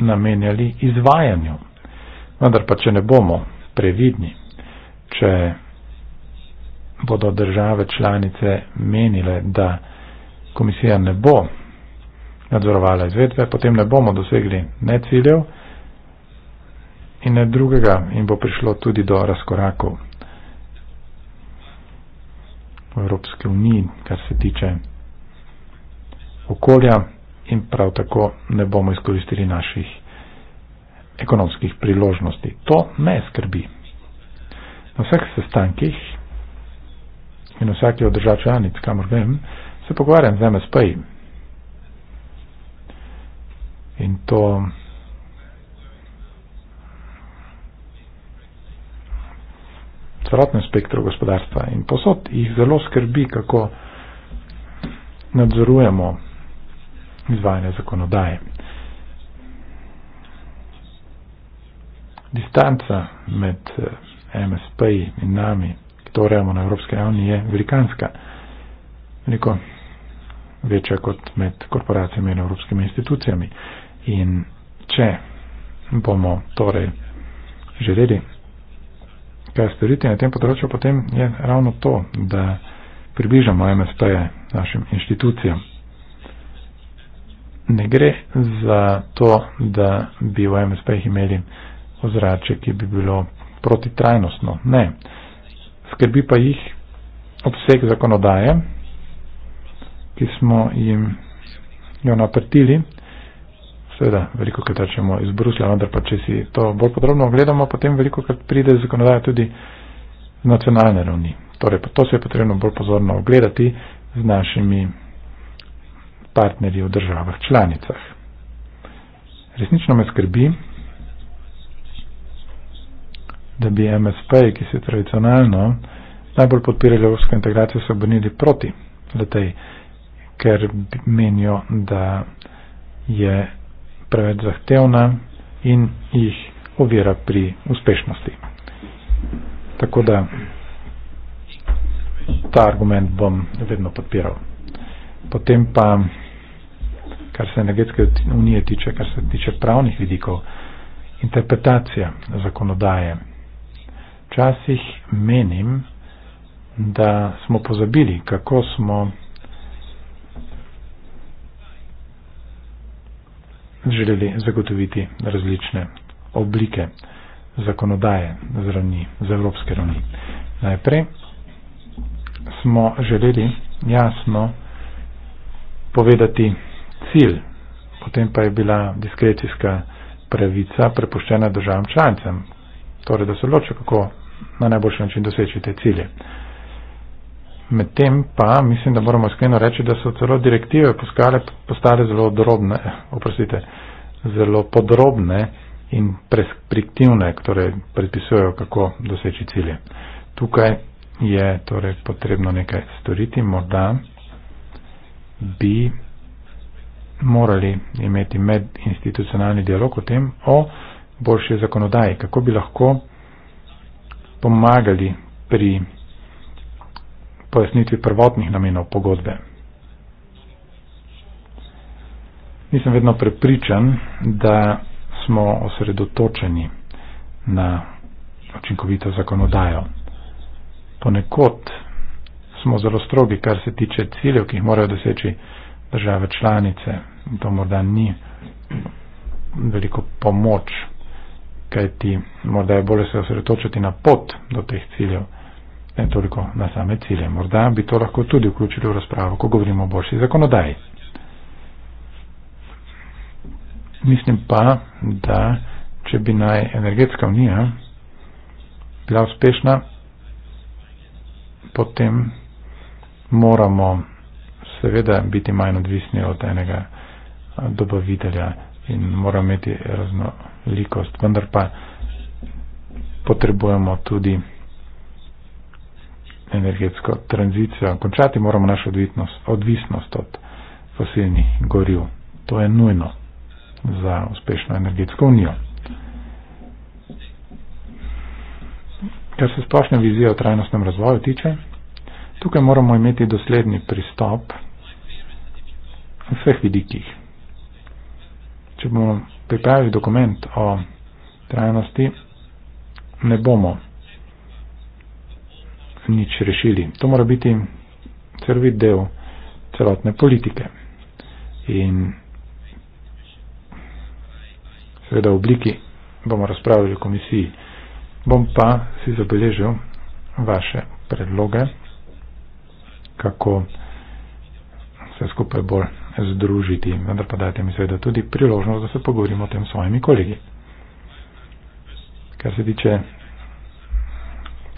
namenjali izvajanju. Vendar pa, če ne bomo previdni, če bodo države članice menile, da komisija ne bo nadzorovala izvedbe, potem ne bomo dosegli ne ciljev in ne drugega in bo prišlo tudi do razkorakov v Evropske unije, kar se tiče okolja, in prav tako ne bomo izkoristili naših ekonomskih priložnosti. To me skrbi. Na vseh sestankih in vsake od držav članic, kamor grem, se pogovarjam z MSP-ji. In to celotnem spektru gospodarstva. In posod jih zelo skrbi, kako nadzorujemo izvajanja zakonodaje. Distanca med eh, MSP in nami, ki to rejamo na Evropske ravni, je velikanska. Veliko večja kot med korporacijami in evropskimi institucijami. In če bomo torej želeli kaj storiti na tem področju, potem je ravno to, da približamo MSP-je našim inštitucijam ne gre za to, da bi v MSP-jih imeli ozračje, ki bi bilo protitrajnostno. Ne. Skrbi pa jih obseg zakonodaje, ki smo jim jo naprtili. Seveda, veliko krat rečemo iz Bruslja, vendar pa če si to bolj podrobno ogledamo, potem veliko krat pride zakonodaja tudi z nacionalne ravni. Torej, to se je potrebno bolj pozorno ogledati z našimi partnerji v državah članicah. Resnično me skrbi, da bi MSP, ki se tradicionalno najbolj podpirali evropsko integracijo, se obrnili proti letej, ker menijo, da je preveč zahtevna in jih ovira pri uspešnosti. Tako da ta argument bom vedno podpiral. Potem pa kar se energetske unije tiče, kar se tiče pravnih vidikov, interpretacija zakonodaje. Včasih menim, da smo pozabili, kako smo želeli zagotoviti različne oblike zakonodaje z, ravni, z evropske ravni. Najprej smo želeli jasno povedati cilj. Potem pa je bila diskrecijska pravica prepuščena državam članicam, torej da se odločijo, kako na najboljši način doseči te cilje. Medtem pa mislim, da moramo iskreno reči, da so celo direktive poskale, postale zelo, drobne, oprostite, zelo podrobne in prespriktivne, torej predpisujejo, kako doseči cilje. Tukaj je torej potrebno nekaj storiti, morda bi morali imeti medinstitucionalni dialog o tem, o boljši zakonodaji, kako bi lahko pomagali pri pojasnitvi prvotnih namenov pogodbe. Nisem vedno prepričan, da smo osredotočeni na učinkovito zakonodajo. Ponekod smo zelo strogi, kar se tiče ciljev, ki jih morajo doseči države članice. To morda ni veliko pomoč, kajti morda je bolje se osredotočiti na pot do teh ciljev, ne toliko na same cilje. Morda bi to lahko tudi vključili v razpravo, ko govorimo o boljši zakonodaji. Mislim pa, da če bi naj energetska unija bila uspešna, potem moramo seveda biti manj odvisni od enega dobavitelja in moramo imeti raznolikost, vendar pa potrebujemo tudi energetsko tranzicijo. Končati moramo našo odvisnost, odvisnost od fosilnih goriv. To je nujno za uspešno energetsko unijo. Kar se splošne vizije o trajnostnem razvoju tiče, tukaj moramo imeti dosledni pristop na vseh vidikih. Če bomo pripravili dokument o trajnosti, ne bomo nič rešili. To mora biti crvi del celotne politike in seveda v obliki bomo razpravili v komisiji. Bom pa si zabeležil vaše predloge, kako vse skupaj bolj združiti. Vendar pa dajte mi seveda tudi priložnost, da se pogovorimo o tem s svojimi kolegi. Kar se tiče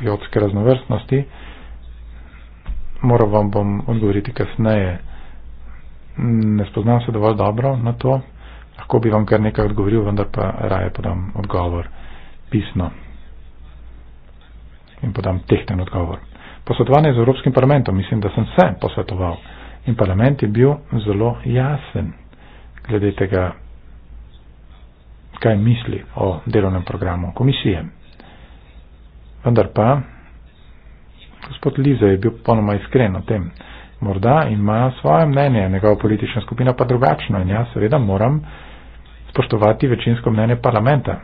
biotske raznovrstnosti, moram vam bom odgovoriti kasneje. Ne spoznam se dovolj dobro na to, lahko bi vam kar nekaj odgovoril, vendar pa raje podam odgovor pisno in podam tehten odgovor. Posvetovanje z Evropskim parlamentom, mislim, da sem se posvetoval. In parlament je bil zelo jasen glede tega, kaj misli o delovnem programu komisije. Vendar pa, gospod Liza je bil ponoma iskren o tem. Morda ima svoje mnenje, njegova politična skupina pa drugačno in jaz seveda moram spoštovati večinsko mnenje parlamenta.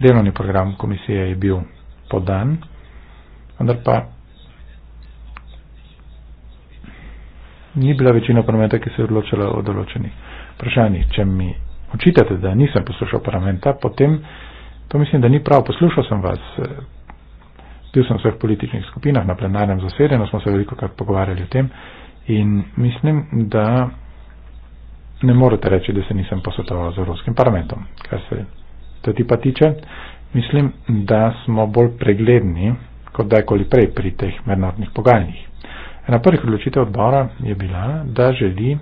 Delovni program komisije je bil podan, vendar pa ni bila večina parlamenta, ki se je odločila o določenih vprašanjih. Če mi očitate, da nisem poslušal parlamenta, potem to mislim, da ni prav. Poslušal sem vas, eh, bil sem v vseh političnih skupinah, na plenarnem zasedenju smo se veliko krat pogovarjali o tem in mislim, da ne morete reči, da se nisem posvetoval z Evropskim parlamentom. Kar se tudi pa tiče, mislim, da smo bolj pregledni kot dajkoli prej pri teh mednarodnih pogajanjih. Ena prvih odločitev odbora je bila, da želi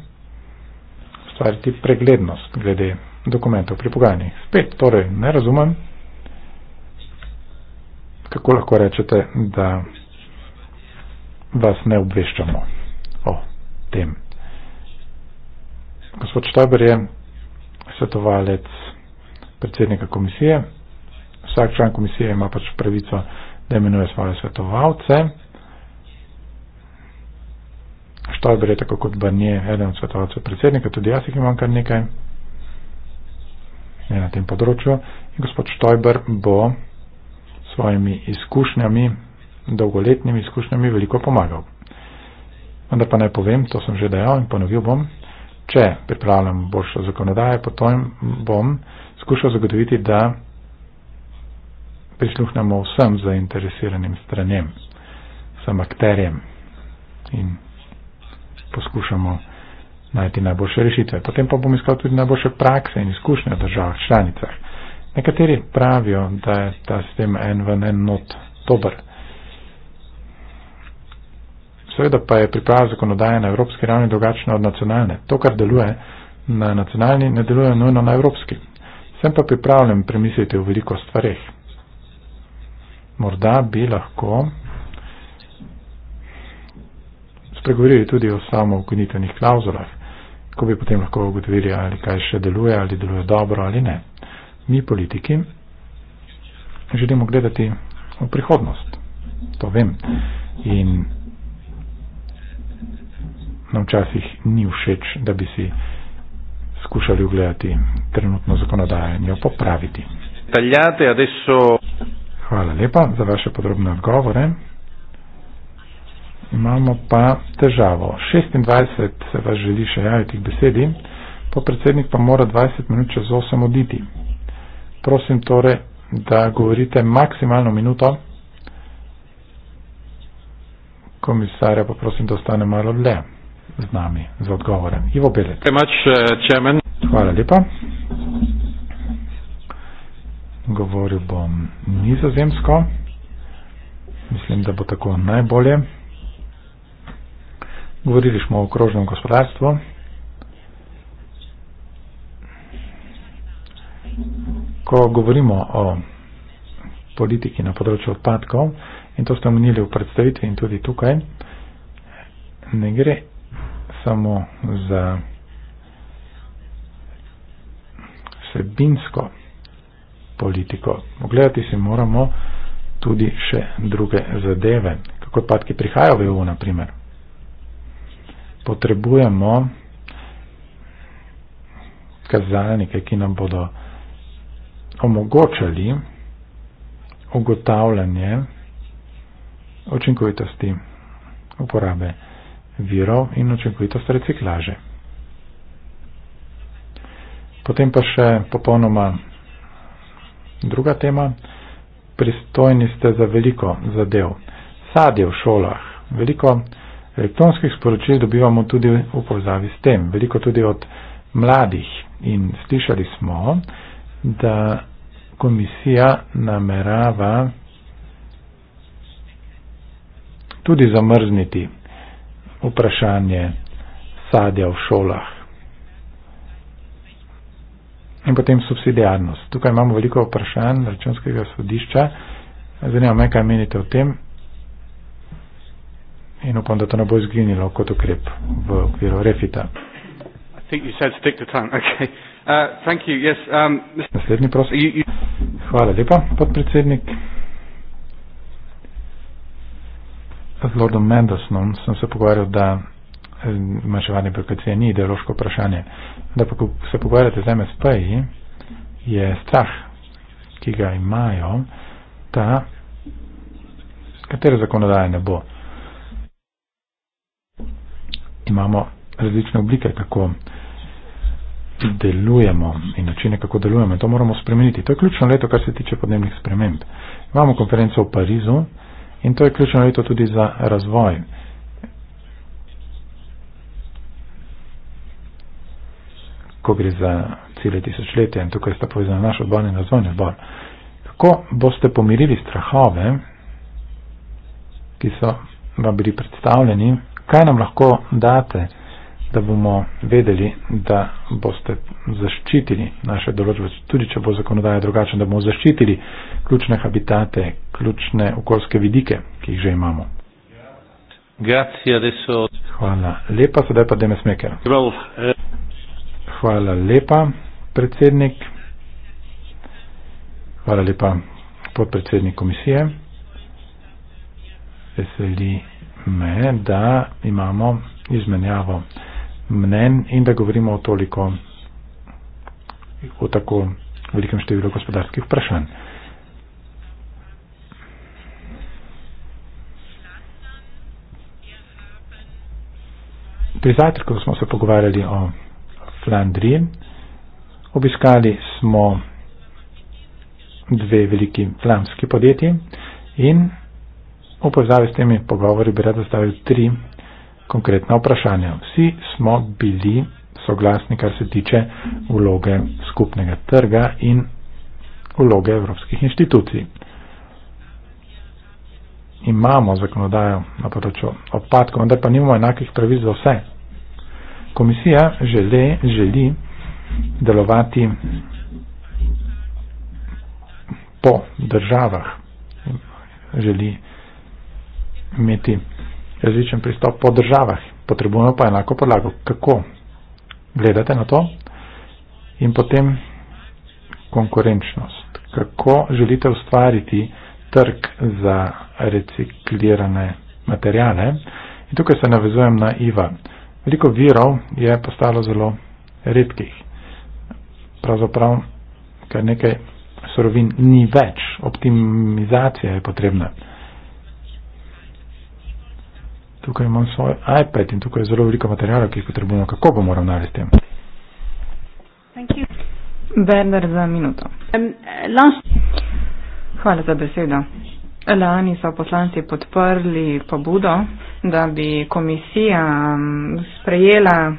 ustvariti preglednost glede dokumentov pri pogajanjih. Spet torej ne razumem, kako lahko rečete, da vas ne obveščamo o tem. Gospod Štaber je svetovalec predsednika komisije. Vsak član komisije ima pač pravico, da imenuje svoje svetovalce to je verjetno tako kot Barnier, eden od svetovalcev predsednika, tudi jaz jih imam kar nekaj ne, na tem področju. In gospod Štojber bo svojimi izkušnjami, dolgoletnimi izkušnjami, veliko pomagal. Vendar pa naj povem, to sem že dejal in ponovil bom, če pripravljam boljšo zakonodajo, potem bom skušal zagotoviti, da prisluhnemo vsem zainteresiranim stranem, vsem akterjem. In poskušamo najti najboljše rešitve. Potem pa bom iskal tudi najboljše prakse in izkušnje v državah članicah. Nekateri pravijo, da je ta sistem en v en not dober. Seveda pa je priprava zakonodaje na evropski ravni drugačna od nacionalne. To, kar deluje na nacionalni, ne deluje nujno na evropski. Sem pa pripravljen premisliti o veliko stvareh. Morda bi lahko spregovorili tudi o samo ugnitenih klauzulah, ko bi potem lahko ugotovili, ali kaj še deluje, ali deluje dobro ali ne. Mi politiki želimo gledati v prihodnost, to vem. In nam včasih ni všeč, da bi si skušali ugledati trenutno zakonodajo in jo popraviti. Hvala lepa za vaše podrobne odgovore imamo pa težavo. 26 se vas želi še javiti k besedi, po predsednik pa mora 20 minut čez 8 oditi. Prosim torej, da govorite maksimalno minuto. Komisarja pa prosim, da ostane malo dlje z nami za odgovore. Ivo Belec. Uh, Hvala lepa. Govoril bom nizozemsko. Mislim, da bo tako najbolje. Govorili smo o krožnem gospodarstvu. Ko govorimo o politiki na področju odpadkov, in to ste omenili v predstavitvi in tudi tukaj, ne gre samo za sebinsko politiko. Pogledati si moramo tudi še druge zadeve, kako odpadki prihajajo v EU, naprimer potrebujemo kazalnike, ki nam bodo omogočali ugotavljanje učinkovitosti uporabe virov in učinkovitost reciklaže. Potem pa še popolnoma druga tema. Pristojni ste za veliko zadev. Sadje v šolah. Veliko elektronskih sporočil dobivamo tudi v povezavi s tem, veliko tudi od mladih. In slišali smo, da komisija namerava tudi zamrzniti vprašanje sadja v šolah. In potem subsidijarnost. Tukaj imamo veliko vprašanj računskega sodišča. Zanima me, kaj menite o tem in upam, da to ne bo izginilo kot ukrep v okviru refita. Uh, um, Naslednji prosim. Hvala lepa, podpredsednik. Z Lordom Mendelsonom sem se pogovarjal, da eh, zmanjševanje birokracije ni ideološko vprašanje. Da pa, ko se pogovarjate z MSP-ji, je strah, ki ga imajo, da katere zakonodaje ne bo imamo različne oblike, kako delujemo in načine, kako delujemo. In to moramo spremeniti. To je ključno leto, kar se tiče podnebnih sprememb. Imamo konferenco v Parizu in to je ključno leto tudi za razvoj. Ko gre za cele tisočletje in tukaj sta povezana naš odbor in razvojni odbor. Kako boste pomirili strahove, ki so vam bili predstavljeni Kaj nam lahko date, da bomo vedeli, da boste zaščitili naše določbe, tudi če bo zakonodaja drugačna, da bomo zaščitili ključne habitate, ključne okoljske vidike, ki jih že imamo? Hvala lepa, sedaj pa Deme Smeker. Hvala lepa, predsednik. Hvala lepa, podpredsednik komisije. Veseli me, da imamo izmenjavo mnen in da govorimo o toliko, o tako velikem številu gospodarskih vprašanj. Pri zajtrku smo se pogovarjali o Flandriji, obiskali smo dve veliki flamski podjetji in V povezavi s temi pogovori bi rad zastavil tri konkretna vprašanja. Vsi smo bili soglasni, kar se tiče vloge skupnega trga in vloge evropskih inštitucij. Imamo zakonodajo na področju odpadkov, vendar pa nimamo enakih pravic za vse. Komisija žele, želi delovati po državah. Želi imeti različen pristop po državah. Potrebujemo pa enako podlago. Kako gledate na to? In potem konkurenčnost. Kako želite ustvariti trg za reciklirane materijale? In tukaj se navezujem na IVA. Veliko virov je postalo zelo redkih. Pravzaprav, kar nekaj sorovin ni več, optimizacija je potrebna. Tukaj imam svoj iPad in tukaj je zelo veliko materijala, ki jih potrebujemo. Kako bomo ravnali s tem? Bender za minuto. Um, Hvala za besedo. Lani so poslanci podprli pobudo, da bi komisija um, sprejela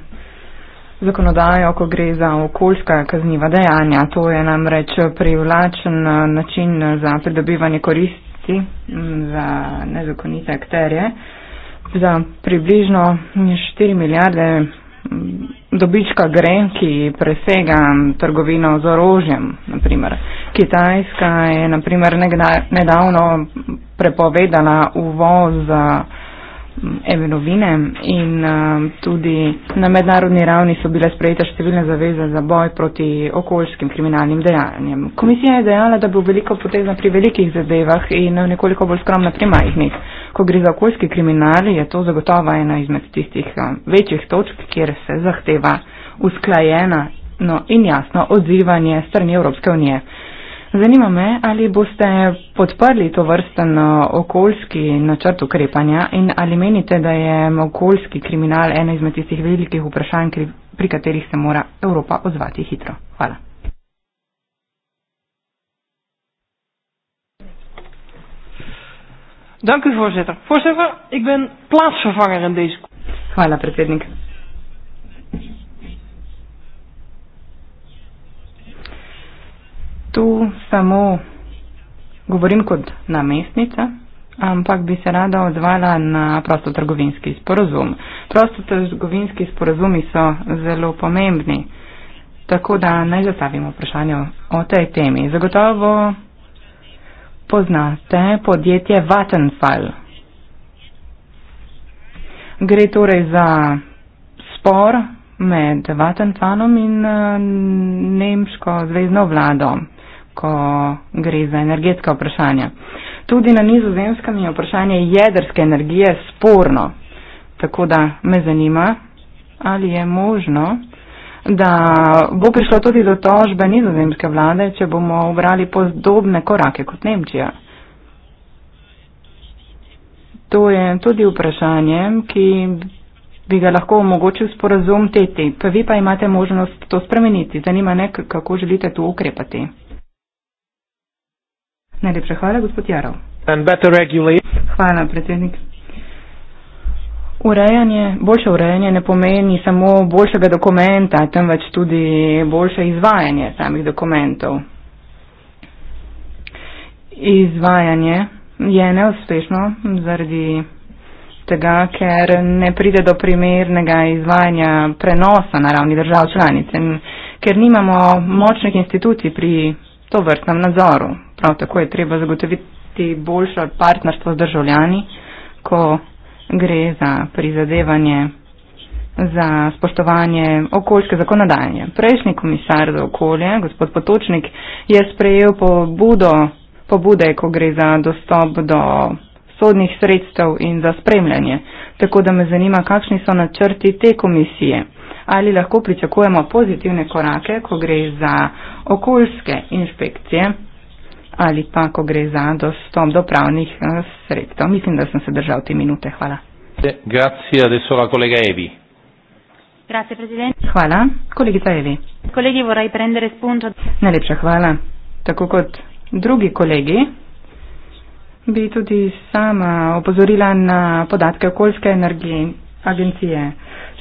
zakonodajo, ko gre za okoljska kazniva dejanja. To je namreč privlačen uh, način uh, za pridobivanje koristi um, za nezakonite akterje za približno 4 milijarde mm, dobička gre, ki presega trgovino z orožjem. Naprimer. Kitajska je naprimer nedavno prepovedala uvoz mm, evenovine in mm, tudi na mednarodni ravni so bile sprejete številne zaveze za boj proti okoljskim kriminalnim dejanjem. Komisija je dejala, da bo veliko potezna pri velikih zadevah in nekoliko bolj skromna pri majhnih. Ko gre za okoljski kriminal, je to zagotovo ena izmed tistih eh, večjih točk, kjer se zahteva usklajena no, in jasno odzivanje strani Evropske unije. Zanima me, ali boste podprli to vrsten eh, okoljski načrt ukrepanja in ali menite, da je okoljski kriminal ena izmed tistih velikih vprašanj, pri katerih se mora Evropa odzvati hitro. Hvala. Dank u, voorzitter. Voorzitter, ik ben plaatsvervanger in deze. Hvala, predsednik. Tu samo govorim kot namestnica, ampak bi se rada odzvala na prostotrgovinski sporozum. Prostotrgovinski sporozumi so zelo pomembni, tako da naj zastavimo vprašanje o tej temi. Zagotovo poznate podjetje Vattenfall. Gre torej za spor med Vattenfallom in eh, nemško zvezdno vlado, ko gre za energetska vprašanja. Tudi na nizozemskem je vprašanje jedrske energije sporno. Tako da me zanima, ali je možno, da bo prišlo tudi do tožbe nizozemske vlade, če bomo obrali podobne korake kot Nemčija. To je tudi vprašanje, ki bi ga lahko omogočil sporazum teti. Pa vi pa imate možnost to spremeniti. Zanima me, kako želite to ukrepati. Najlepša hvala, gospod Jarov. Hvala, predsednik. Urejanje, boljše urejanje ne pomeni samo boljšega dokumenta, temveč tudi boljše izvajanje samih dokumentov. Izvajanje je neuspešno zaradi tega, ker ne pride do primernega izvajanja prenosa na ravni držav članice, ker nimamo močnih institucij pri to vrstnem nadzoru. Prav tako je treba zagotoviti boljše partnerstvo z državljani, ko gre za prizadevanje za spoštovanje okoljske zakonodaje. Prejšnji komisar za okolje, gospod Potočnik, je sprejel pobudo, pobude, ko gre za dostop do sodnih sredstev in za spremljanje. Tako da me zanima, kakšni so načrti te komisije. Ali lahko pričakujemo pozitivne korake, ko gre za okoljske inšpekcije? ali pa ko gre za dostop do pravnih eh, sredstev. Mislim, da sem se držal te minute. Hvala. Grazie, adesso la collega Evi. Grazie, presidente. Hvala. Kolegica Evi. Kolegi, vorrei prendere spunto. Najlepša hvala. Tako kot drugi kolegi bi tudi sama opozorila na podatke okoljske energije agencije.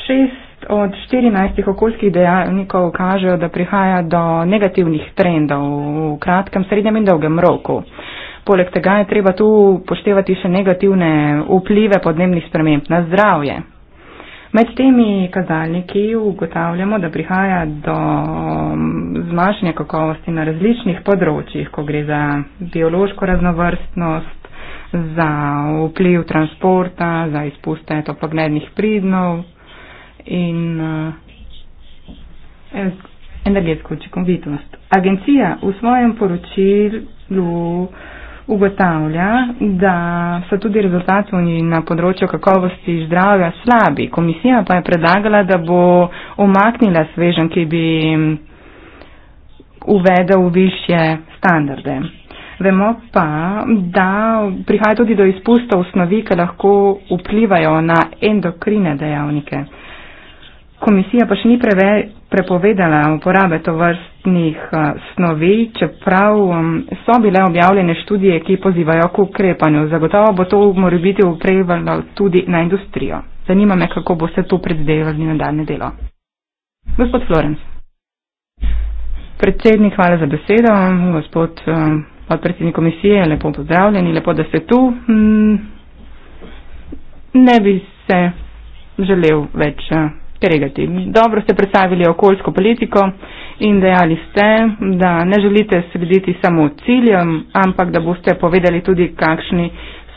Šest od 14 okoljskih dejavnikov kažejo, da prihaja do negativnih trendov v kratkem, srednjem in dolgem roku. Poleg tega je treba tu poštevati še negativne vplive podnebnih sprememb na zdravje. Med temi kazalniki ugotavljamo, da prihaja do mm, zmanjšanja kakovosti na različnih področjih, ko gre za biološko raznovrstnost, za vpliv transporta, za izpuste toplogrednih pridnov, in uh, energetsko učinkovitost. Agencija v svojem poročilu ugotavlja, da so tudi rezultati na področju kakovosti zdravja slabi. Komisija pa je predlagala, da bo omaknila svežen, ki bi uvedel više standarde. Vemo pa, da prihaja tudi do izpustov snovi, ki lahko vplivajo na endokrine dejavnike. Komisija pa še ni preve, prepovedala uporabe tovrstnih eh, snovi, čeprav um, so bile objavljene študije, ki pozivajo k ukrepanju. Zagotovo bo to mora biti uprevalo tudi na industrijo. Zanima me, kako boste to predvidevali na daljne delo. Gospod Florenc. Predsednik, hvala za besedo. Gospod eh, podpredsednik komisije, lepo pozdravljeni, lepo, da ste tu. Hm, ne bi se želel več eh, pregati. Dobro ste predstavili okoljsko politiko in dejali ste, da ne želite slediti samo ciljem, ampak da boste povedali tudi, kakšni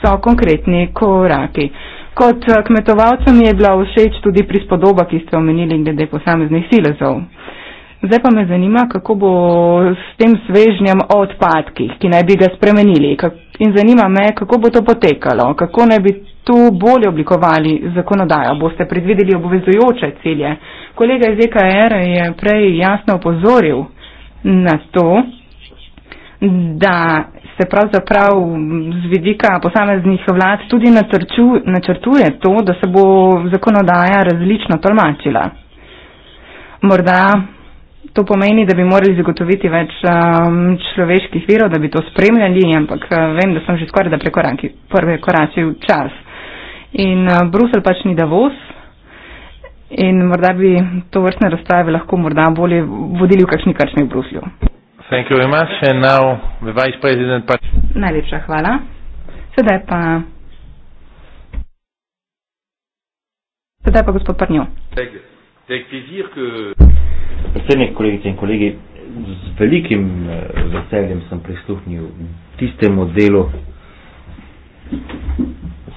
so konkretni koraki. Kot kmetovalcem je bila všeč tudi prispodoba, ki ste omenili glede posameznih silezov. Zdaj pa me zanima, kako bo s tem svežnjem o odpadkih, ki naj bi ga spremenili. In zanima me, kako bo to potekalo, kako naj bi tu bolje oblikovali zakonodajo, boste predvideli obvezujoče cilje. Kolega iz EKR je prej jasno opozoril na to, da se pravzaprav z vidika posameznih vlad tudi natrču, načrtuje to, da se bo zakonodaja različno tolmačila. Morda to pomeni, da bi morali zagotoviti več um, človeških virov, da bi to spremljali, ampak uh, vem, da sem že skoraj da prekoračil čas. In eh, Bruselj pač ni Davos. In morda bi to vrstne razprave lahko morda bolje vodili v kakšni krčni v Bruslju. Najlepša hvala. Sedaj pa. Sedaj pa gospod Prnjo. Predsednik, kolegice in kolegi, z velikim eh, veseljem sem prisluhnil tistemu delu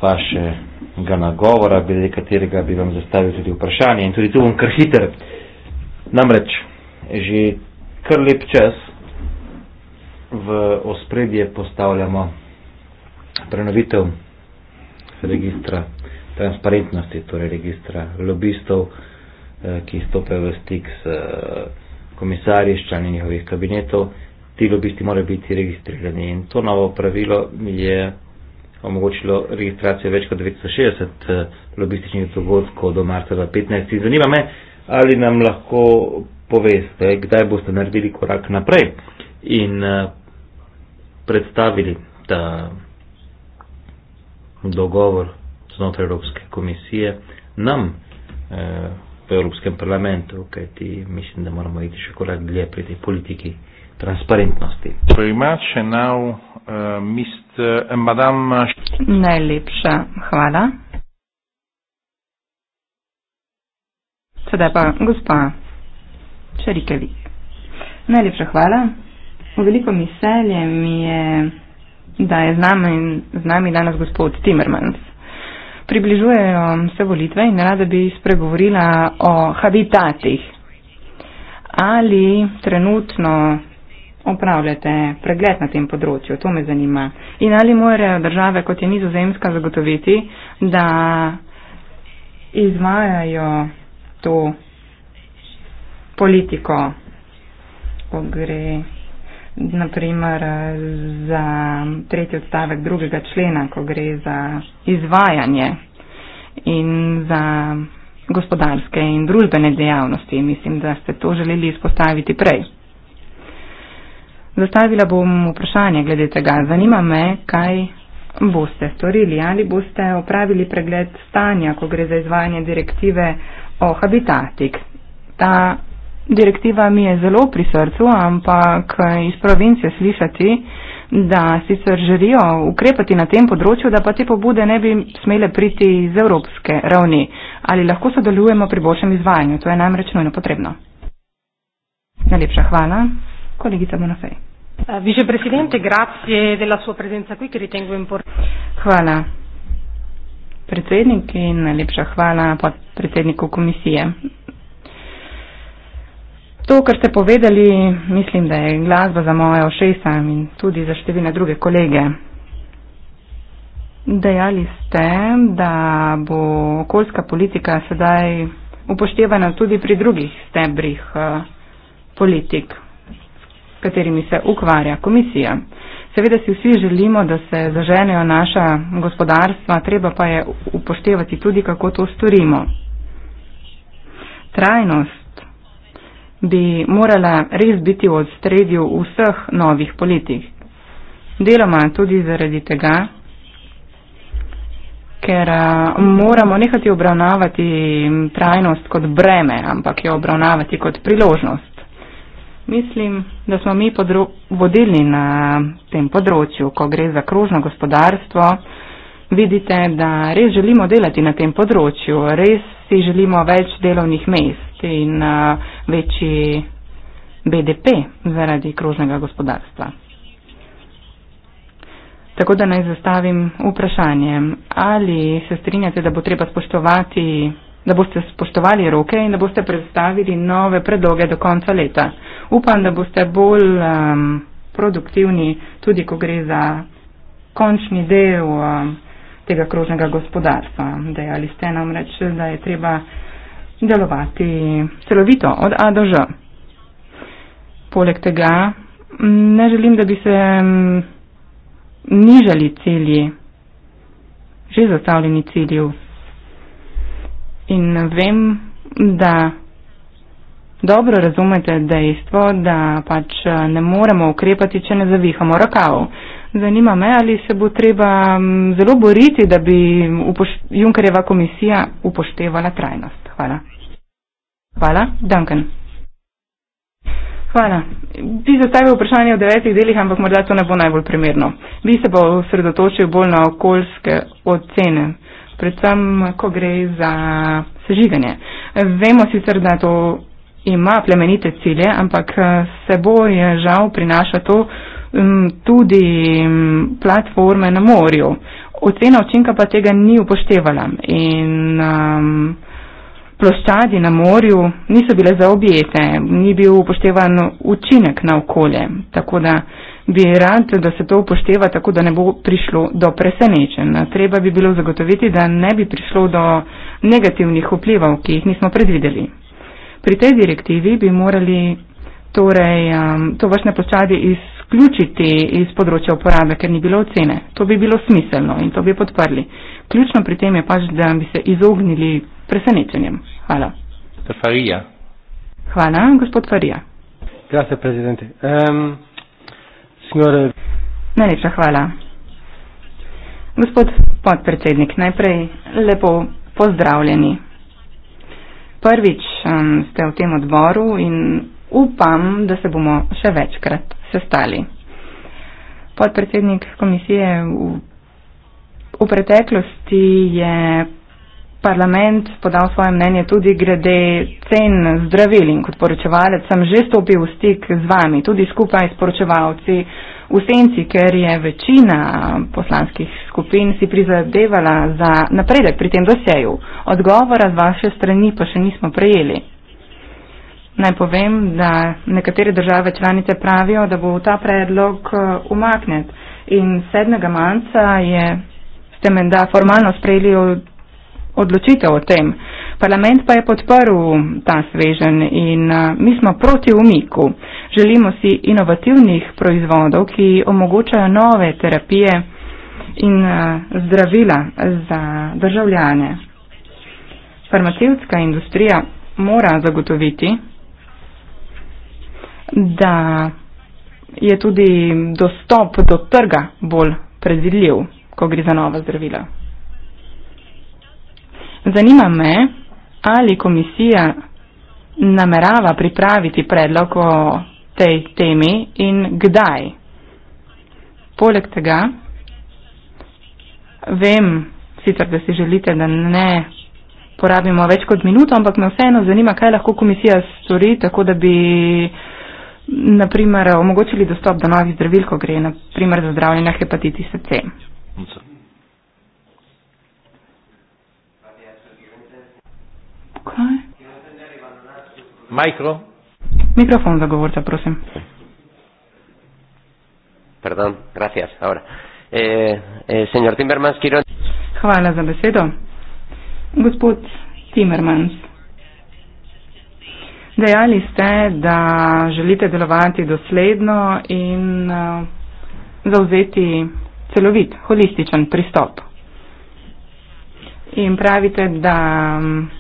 vaše ga nagovora, glede katerega bi vam zastavil tudi vprašanje. In tudi tu bom kar hiter. Namreč, že kar lep čas v ospredje postavljamo prenovitev registra transparentnosti, torej registra lobistov, eh, ki stopajo v stik s eh, komisarji, s člani njihovih kabinetov. Ti lobisti morajo biti registrirani in to novo pravilo je omogočilo registracijo več kot 960 eh, logističnih dogodkov do marca 2015 in zanima me, ali nam lahko poveste, kdaj boste naredili korak naprej in eh, predstavili ta dogovor znotraj Evropske komisije nam eh, v Evropskem parlamentu, kajti mislim, da moramo iti še korak dlje pri tej politiki transparentnosti. Very much and now Eh, Mr. and eh, Madame. Najlepša hvala. Sedaj pa gospa Čerikevi. Najlepša hvala. V veliko miselje mi je, da je z nami, z nami danes gospod Timmermans. Približujejo se volitve in rada bi spregovorila o habitatih. Ali trenutno opravljate pregled na tem področju, to me zanima. In ali morajo države, kot je nizozemska, zagotoviti, da izvajajo to politiko, ko gre naprimer za tretji odstavek drugega člena, ko gre za izvajanje in za gospodarske in družbene dejavnosti. Mislim, da ste to želeli izpostaviti prej. Zastavila bom vprašanje glede tega. Zanima me, kaj boste storili. Ali boste opravili pregled stanja, ko gre za izvajanje direktive o habitatik? Ta direktiva mi je zelo pri srcu, ampak iz provincije slišati, da sicer želijo ukrepati na tem področju, da pa te pobude ne bi smele priti iz evropske ravni. Ali lahko sodelujemo pri boljšem izvajanju? To je namreč nujno potrebno. Najlepša hvala. Kolegica Bonafej. Eh, vicepresidente, grazie della sua presenza qui, che ritengo importante. Hvala. Predsednik in najlepša hvala podpredsedniku komisije. To, kar ste povedali, mislim, da je glasba za moje ošesa in tudi za številne druge kolege. Dejali ste, da bo okoljska politika sedaj upoštevana tudi pri drugih stebrih eh, politik katerimi se ukvarja komisija. Seveda si vsi želimo, da se zaženejo naša gospodarstva, treba pa je upoštevati tudi, kako to storimo. Trajnost bi morala res biti v odstredju vseh novih politik. Deloma tudi zaradi tega, ker moramo nehati obravnavati trajnost kot breme, ampak jo obravnavati kot priložnost. Mislim, da smo mi vodili na tem področju, ko gre za krožno gospodarstvo. Vidite, da res želimo delati na tem področju, res si želimo več delovnih mest in uh, večji BDP zaradi krožnega gospodarstva. Tako da naj zastavim vprašanje, ali se strinjate, da bo treba spoštovati da boste spoštovali roke in da boste predstavili nove predloge do konca leta. Upam, da boste bolj um, produktivni, tudi ko gre za končni del um, tega krožnega gospodarstva. Dejali ste nam reč, da je treba delovati celovito od A do Ž. Poleg tega ne želim, da bi se um, nižali cilji, že zastavljeni cilji in vem, da dobro razumete dejstvo, da pač eh, ne moremo ukrepati, če ne zavihamo rokav. Zanima me, ali se bo treba mm, zelo boriti, da bi Junkerjeva komisija upoštevala trajnost. Hvala. Hvala, Duncan. Hvala. Ti zastavil vprašanje o devetih delih, ampak morda to ne bo najbolj primerno. Bi se bo osredotočil bolj na okoljske ocene predvsem ko gre za sežiganje. Vemo sicer, da to ima plemenite cilje, ampak eh, seboj eh, žal prinaša to mm, tudi mm, platforme na morju. Ocena učinka pa tega ni upoštevala in um, ploščadi na morju niso bile zaobjete, ni bil upoštevan učinek na okolje. Tako da uh, bi rad, da se to upošteva tako, da ne bo prišlo do presenečen. Treba bi bilo zagotoviti, da ne bi prišlo do negativnih vplivov, ki jih nismo predvideli. Pri tej direktivi bi morali torej, um, to vašne plačadi izključiti iz področja uporabe, ker ni bilo ocene. To bi bilo smiselno in to bi podprli. Ključno pri tem je pač, da bi se izognili presenečenjem. Hvala. Hvala, gospod Farija. Grazie, Presidente. Um... Signore. Najlepša hvala. Gospod podpredsednik, najprej lepo pozdravljeni. Prvič um, ste v tem odboru in upam, da se bomo še večkrat sestali. Podpredsednik komisije v, v preteklosti je parlament podal svoje mnenje tudi glede cen zdravil in kot poročevalec sem že stopil v stik z vami, tudi skupaj s poročevalci v senci, ker je večina poslanskih skupin si prizadevala za napredek pri tem doseju. Odgovora z vaše strani pa še nismo prejeli. Naj povem, da nekatere države članice pravijo, da bo ta predlog eh, umaknet. In 7. manca je ste menda formalno sprejeli od odločitev o tem. Parlament pa je podprl ta svežen in mi smo proti umiku. Želimo si inovativnih proizvodov, ki omogočajo nove terapije in zdravila za državljane. Farmacevtska industrija mora zagotoviti, da je tudi dostop do trga bolj predvidljiv, ko gre za nova zdravila. Zanima me, ali komisija namerava pripraviti predlog o tej temi in kdaj. Poleg tega, vem sicer, da si želite, da ne porabimo več kot minuto, ampak me vseeno zanima, kaj lahko komisija stori, tako da bi naprimer omogočili dostop do novih zdravil, ko gre naprimer za zdravljenje hepatitisa C. Hvala. Kaj? Mikro. Mikrofon za govorca, prosim. Perdón, gracias, ahora. Eh, eh, señor Timmermans, quiero... Hvala za besedo. Gospod Timmermans, dejali ste, da želite delovati dosledno in uh, eh, zauzeti celovit, holističen pristop. In pravite, da um,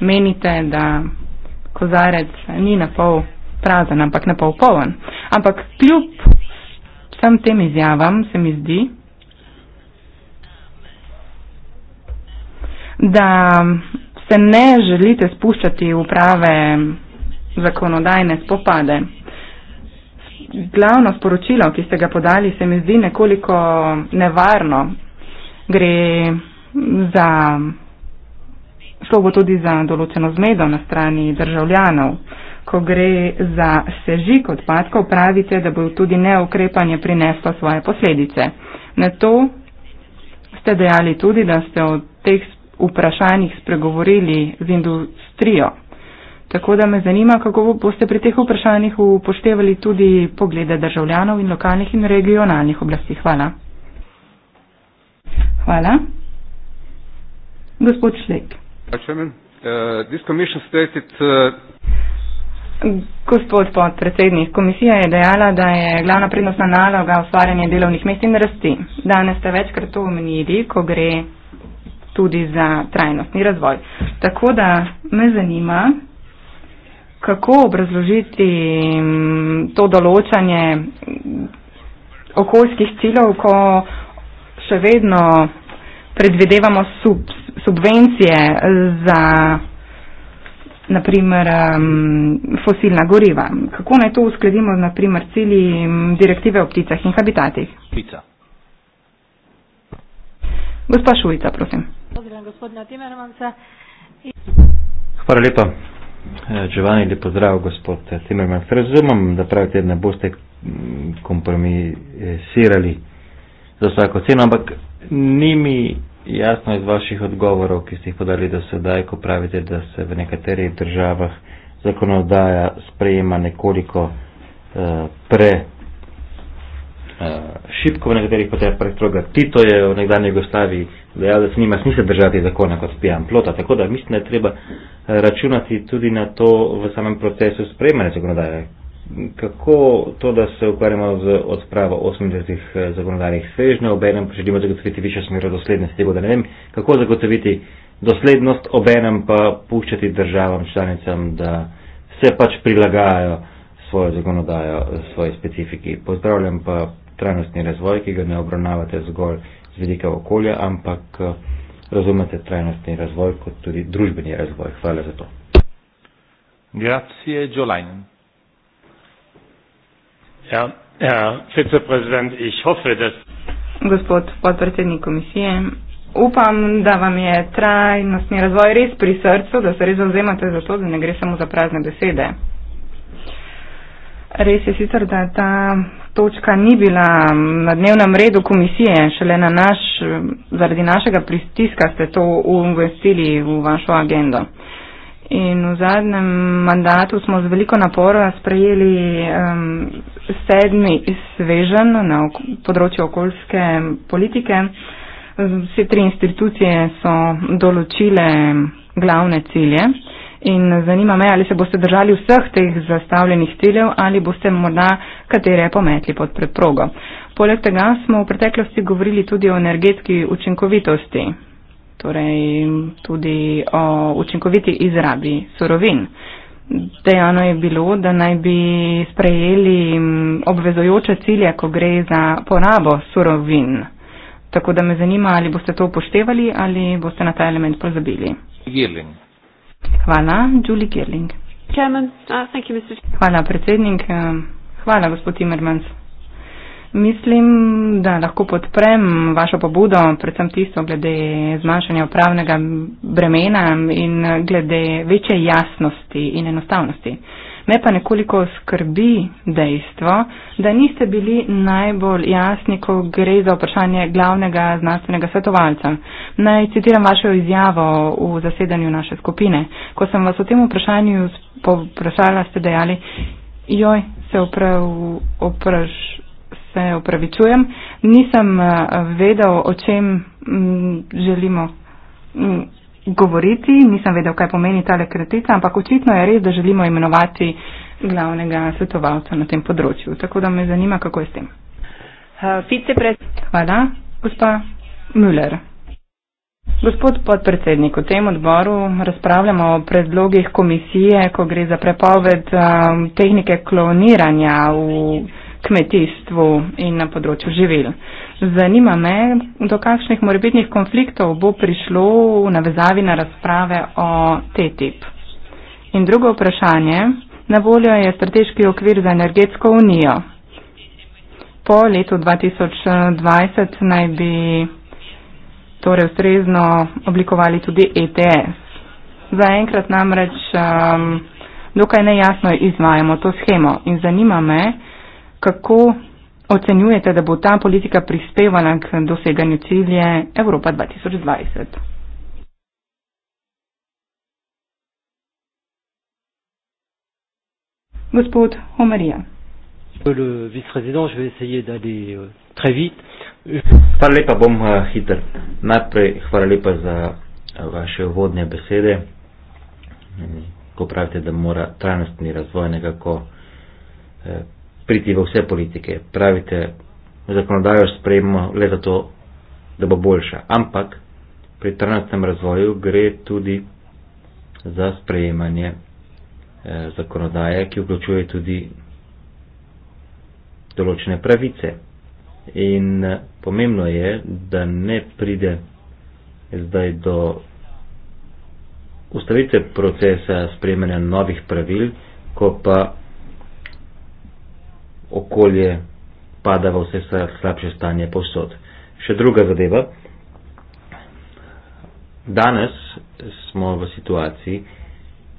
menite, da kozarec ni na pol prazen, ampak na pol poln. Ampak kljub vsem tem izjavam se mi zdi, da se ne želite spuščati v prave zakonodajne spopade. Glavno sporočilo, ki ste ga podali, se mi zdi nekoliko nevarno. Gre za Šlo bo tudi za določeno zmedo na strani državljanov. Ko gre za sežik odpadkov, pravite, da bo tudi neukrepanje prineslo svoje posledice. Na to ste dejali tudi, da ste o teh vprašanjih spregovorili z industrijo. Tako da me zanima, kako boste pri teh vprašanjih upoštevali tudi poglede državljanov in lokalnih in regionalnih oblasti. Hvala. Hvala. Gospod Šlek. Uh, uh, Gospod podpredsednik, komisija je dejala, da je glavna prednostna naloga ustvarjanje delovnih mest in rasti. Danes ste večkrat to omenili, ko gre tudi za trajnostni razvoj. Tako da me zanima, kako obrazložiti mm, to določanje okoljskih ciljev, ko še vedno predvidevamo subs subvencije za naprimer um, fosilna goriva. Kako naj to uskladimo z naprimer cilji um, direktive o pticah in habitatih? Pica. Gospa Šuljica, prosim. Pozdravljam gospodina Timermansa. Hvala lepa. Čevani, lep pozdrav gospod Timermans. Razumem, da pravite, da ne boste mm, kompromisirali za vsako ceno, ampak ni mi jasno iz vaših odgovorov, ki ste jih podali do sedaj, ko pravite, da se v nekaterih državah zakonodaja sprejema nekoliko uh, pre uh, eh, šitko, v nekaterih pa je prestroga. Tito je v nekdanji Jugoslaviji dejal, da se nima smisla držati zakona kot pijan plota, tako da mislim, da je treba eh, računati tudi na to v samem procesu sprejemanja zakonodaje kako to, da se ukvarjamo z odpravo 80 eh, zakonodajnih svežnjev, obenem pa želimo zagotoviti višjo smer doslednosti, tako da ne vem, kako zagotoviti doslednost, obenem pa puščati državam članicam, da se pač prilagajajo svojo zakonodajo, svoji specifiki. Pozdravljam pa trajnostni razvoj, ki ga ne obravnavate zgolj z vidika okolja, ampak eh, razumete trajnostni razvoj kot tudi družbeni razvoj. Hvala za to. Grazie, Joe Linen. Ja, Herr ja, Vizepräsident, ich hoffe, dass. Gospod podpredsednik komisije, upam, da vam je trajnostni razvoj res pri srcu, da se res zauzemate za to, da ne gre samo za prazne besede. Res je sicer, da ta točka ni bila na dnevnem redu komisije, šele na naš, zaradi našega pristiska ste to uvestili v vašo agendo. In v zadnjem mandatu smo z veliko napora sprejeli um, sedmi svežen na ok področju okoljske politike. Vse tri institucije so določile glavne cilje in zanima me, ali se boste držali vseh teh zastavljenih ciljev ali boste morda katere pometli pod preprogo. Poleg tega smo v preteklosti govorili tudi o energetski učinkovitosti torej tudi o učinkoviti izrabi surovin. Dejano je bilo, da naj bi sprejeli mm, obvezojoče cilje, ko gre za porabo surovin. Tako da me zanima, ali boste to upoštevali ali boste na ta element pozabili. Gerling. Hvala, Julie Gerling. Uh, Hvala, predsednik. Hvala, gospod Timmermans. Mislim, da lahko podprem vašo pobudo, predvsem tisto glede zmanjšanja upravnega bremena in glede večje jasnosti in enostavnosti. Me pa nekoliko skrbi dejstvo, da niste bili najbolj jasni, ko gre za vprašanje glavnega znanstvenega svetovalca. Naj citiram vašo izjavo v zasedanju naše skupine. Ko sem vas o tem vprašanju poprašala, ste dejali, joj, se opraš, se upravičujem, nisem eh, vedel, o čem mm, želimo mm, govoriti, nisem vedel, kaj pomeni tale kratica, ampak očitno je res, da želimo imenovati glavnega svetovalca na tem področju. Tako da me zanima, kako je s tem. Eh, Hvala, gospa Müller. Gospod podpredsednik, v tem odboru razpravljamo o predlogih komisije, ko gre za prepoved eh, tehnike kloniranja v kmetijstvu in na področju živil. Zanima me, do kakšnih morebitnih konfliktov bo prišlo v navezavi na razprave o TTIP. In drugo vprašanje. Na voljo je strateški okvir za energetsko unijo. Po letu 2020 naj bi torej ustrezno oblikovali tudi ETS. Zaenkrat namreč um, dokaj nejasno izvajamo to schemo in zanima me, kako ocenjujete, da bo ta politika prispevala k doseganju cilje Evropa 2020? Gospod Homerija. Gospod viceprezident, želim se dati euh, trevit. Hvala lepa, bom uh, hiter. Najprej hvala lepa za uh, vaše uvodne besede. Hm, ko pravite, da mora trajnostni razvoj nekako uh, priti v vse politike. Pravite, zakonodajo sprejmemo le zato, da bo boljša. Ampak pri trnastem razvoju gre tudi za sprejemanje eh, zakonodaje, ki vključuje tudi določene pravice. In eh, pomembno je, da ne pride zdaj do ustavitve procesa sprejemanja novih pravil, ko pa okolje pada v vse slabše stanje povsod. Še druga zadeva. Danes smo v situaciji,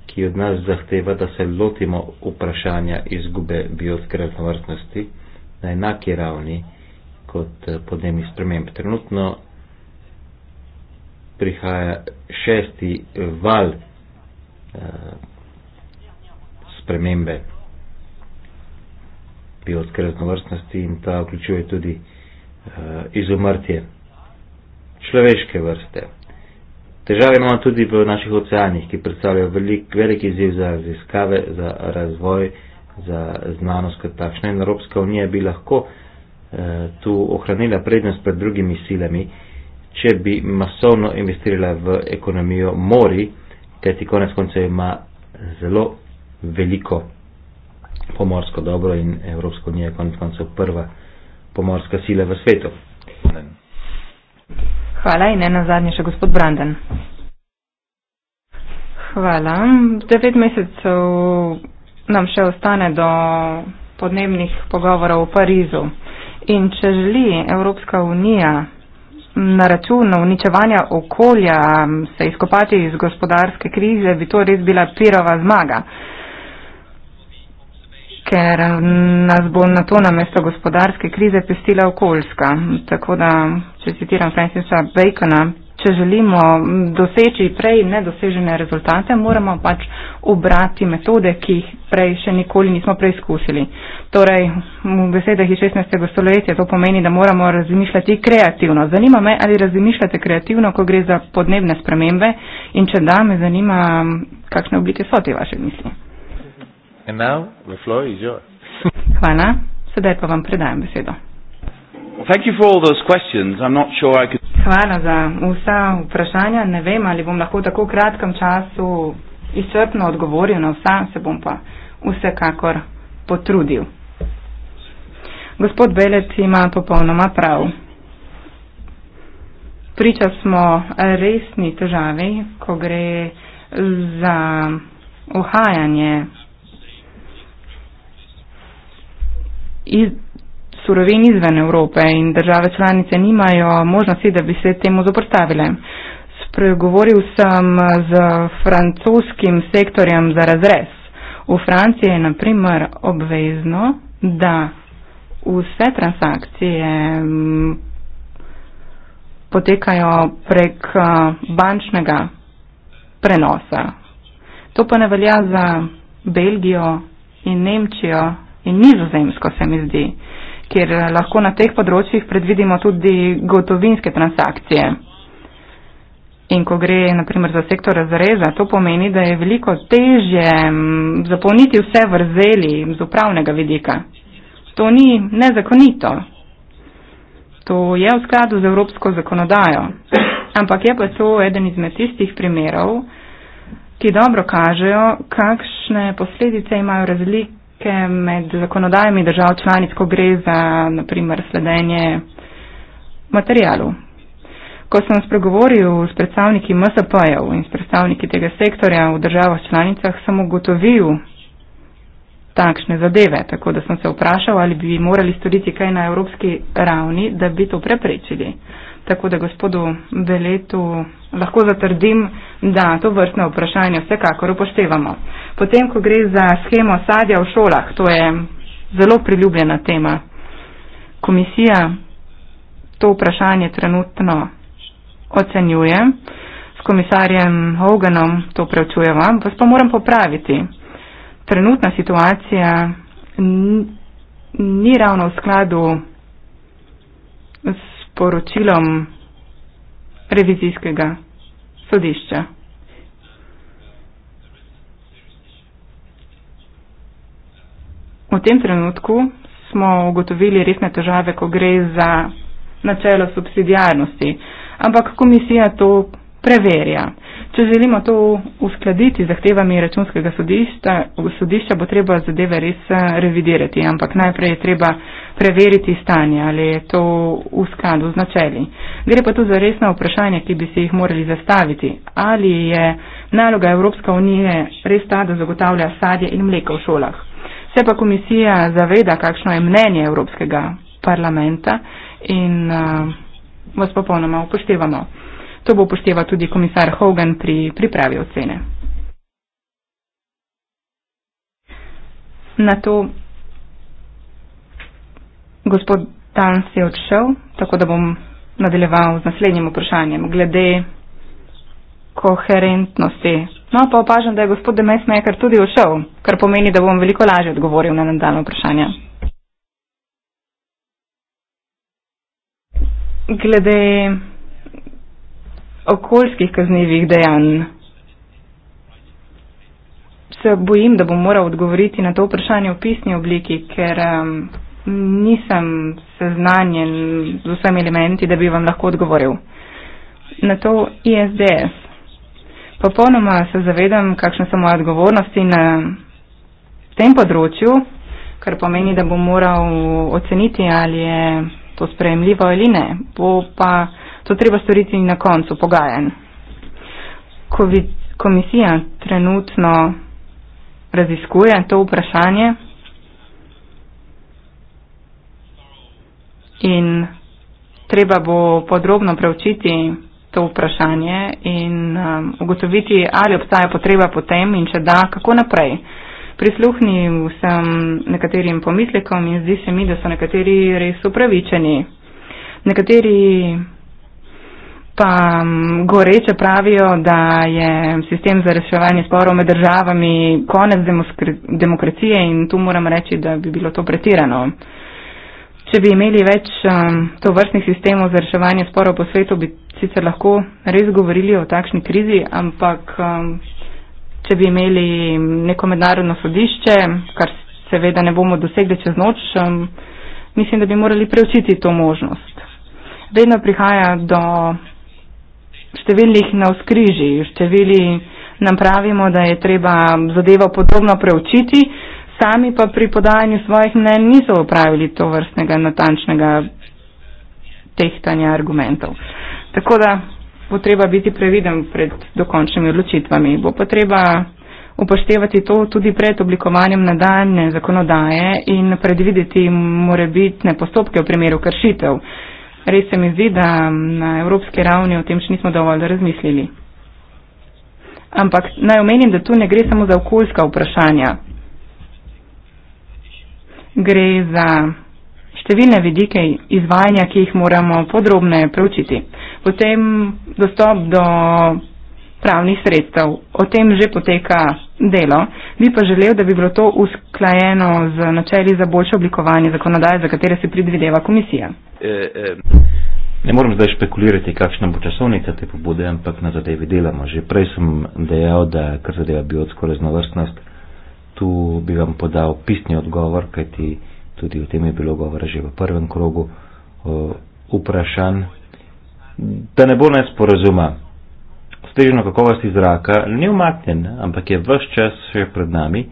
ki od nas zahteva, da se lotimo vprašanja izgube biotske raznovrstnosti na enaki ravni kot eh, podnebnih sprememb. Trenutno prihaja šesti val eh, spremembe biotske raznovrstnosti in ta vključuje tudi uh, izumrtje človeške vrste. Težave imamo tudi v naših oceanih, ki predstavljajo velik, velik izziv za raziskave, za razvoj, za znanost kot takšna. In Evropska unija bi lahko eh, tu ohranila prednost pred drugimi silami, če bi masovno investirala v ekonomijo mori, kajti konec konca ima zelo veliko pomorsko dobro in Evropska unija je konec koncev prva pomorska sila v svetu. Hvala in ena zadnja še gospod Brandan. Hvala. Devet mesecev nam še ostane do podnebnih pogovorov v Parizu. In če želi Evropska unija na račun uničevanja okolja se izkopati iz gospodarske krize, bi to res bila pirova zmaga ker eh, nas bo na to namesto gospodarske krize pestila okoljska. Tako da, če citiram Francisa Bacona, če želimo doseči prej nedosežene rezultate, moramo pač obrati metode, ki jih prej še nikoli nismo preizkusili. Torej, v besedah iz 16. stoletja to pomeni, da moramo razmišljati kreativno. Zanima me, ali razmišljate kreativno, ko gre za podnebne spremembe in če da, me zanima, kakšne oblike so te vaše misli. And now the floor is yours. Hvala, sedaj pa vam predajam besedo. Thank you for all those questions. I'm not sure I could. Hvala za vsa vprašanja. Ne vem, ali bom lahko v tako kratkem času izčrpno odgovoril na vsa, se bom pa vsekakor potrudil. Gospod Belec ima popolnoma prav. Priča smo resni težavi, ko gre za ohajanje iz, surovin izven Evrope in države članice nimajo možnosti, da bi se temu zoprstavile. Spregovoril sem z francoskim sektorjem za razrez. V Franciji je naprimer obvezno, da vse transakcije potekajo prek bančnega prenosa. To pa ne velja za Belgijo in Nemčijo, in nizozemsko se mi zdi, kjer lahko na teh področjih predvidimo tudi gotovinske transakcije. In ko gre naprimer za sektor razreza, to pomeni, da je veliko težje zapolniti vse vrzeli z upravnega vidika. To ni nezakonito. To je v skladu z evropsko zakonodajo. Ampak je pa to eden izmed tistih primerov, ki dobro kažejo, kakšne posledice imajo razlike razlike med zakonodajami držav članic, ko gre za, naprimer, sledenje materijalu. Ko sem spregovoril s predstavniki MSP-jev in s predstavniki tega sektorja v državah članicah, sem ugotovil takšne zadeve, tako da sem se vprašal, ali bi morali storiti kaj na evropski ravni, da bi to preprečili. Uh, Tako da gospodu Beletu lahko zatrdim, da to vrstno vprašanje vsekakor upoštevamo. Potem, ko gre za schemo sadja v šolah, to je zelo priljubljena tema. Komisija to vprašanje trenutno ocenjuje. S komisarjem Hoganom to preučujeva, vas pa moram popraviti. Trenutna situacija ni ravno v skladu s poročilom revizijskega sodišča. V tem trenutku smo ugotovili resne težave, ko gre za načelo subsidijarnosti, ampak komisija to preverja. Če želimo to uskladiti z zahtevami računskega sodišča, sodišča, bo treba zadeve res eh, revidirati, ampak najprej je treba preveriti stanje, ali je to v skladu z načeli. Gre pa tu za resna vprašanja, ki bi se jih morali zastaviti. Ali je naloga Evropske unije res ta, da zagotavlja sadje in mleko v šolah? Se pa komisija zaveda, kakšno je mnenje Evropskega parlamenta in uh, vas popolnoma upoštevamo. To bo upošteval tudi komisar Hogan pri pripravi ocene. Na to gospod Dans je odšel, tako da bom nadaljeval z naslednjim vprašanjem glede koherentnosti. No, pa opažam, da je gospod Demesmejker tudi odšel, kar pomeni, da bom veliko lažje odgovoril na nadaljne vprašanja. Glede okoljskih kaznevih dejanj. Se bojim, da bom moral odgovoriti na to vprašanje v pisni obliki, ker um, nisem seznanjen z vsemi elementi, da bi vam lahko odgovoril. Na to ISDS. Popolnoma se zavedam, kakšne so moje odgovornosti na tem področju, kar pomeni, da bom moral oceniti, ali je to sprejemljivo ali ne. Bo pa To treba storiti na koncu pogajanj. Komisija trenutno raziskuje to vprašanje in treba bo podrobno preučiti to vprašanje in um, ugotoviti, ali obstaja potreba potem in če da, kako naprej. Prisluhni vsem nekaterim pomislekom in zdi se mi, da so nekateri res upravičeni. Nekateri pa mm, goreče pravijo, da je sistem za reševanje sporov med državami konec demokracije in tu moram reči, da bi bilo to pretirano. Če bi imeli več mm, to vrstnih sistemov za reševanje sporov po svetu, bi sicer lahko res govorili o takšni krizi, ampak mm, če bi imeli neko mednarodno sodišče, kar seveda ne bomo dosegli čez noč, mislim, da bi morali preučiti to možnost. Vedno prihaja do številnih na skriži, števili nam pravimo, da je treba zadevo podobno preučiti, sami pa pri podajanju svojih mnen niso upravili to vrstnega natančnega tehtanja argumentov. Tako da bo treba biti previden pred dokončnimi odločitvami. Bo pa treba upoštevati to tudi pred oblikovanjem nadaljne zakonodaje in predvideti morebitne postopke v primeru kršitev. Res se mi zdi, da na evropski ravni o tem še nismo dovolj razmislili. Ampak naj omenim, da tu ne gre samo za okoljska vprašanja. Gre za številne vidike izvajanja, ki jih moramo podrobne preučiti. Potem dostop do pravnih sredstev. O tem že poteka delo. Bi pa želel, da bi bilo to usklajeno z načeli za boljše oblikovanje zakonodaje, za katere se predvideva komisija. E, e, ne moram zdaj špekulirati, kakšna bo časovnica te pobude, ampak na zadevi delamo. Že prej sem dejal, da kar zadeva biotsko raznovrstnost, tu bi vam podal pisni odgovor, kajti tudi o tem je bilo govora že v prvem krogu o, e, vprašanj. Da ne bo nesporazuma ustrežno kakovosti zraka ni umaknjen, ampak je vse čas še pred nami,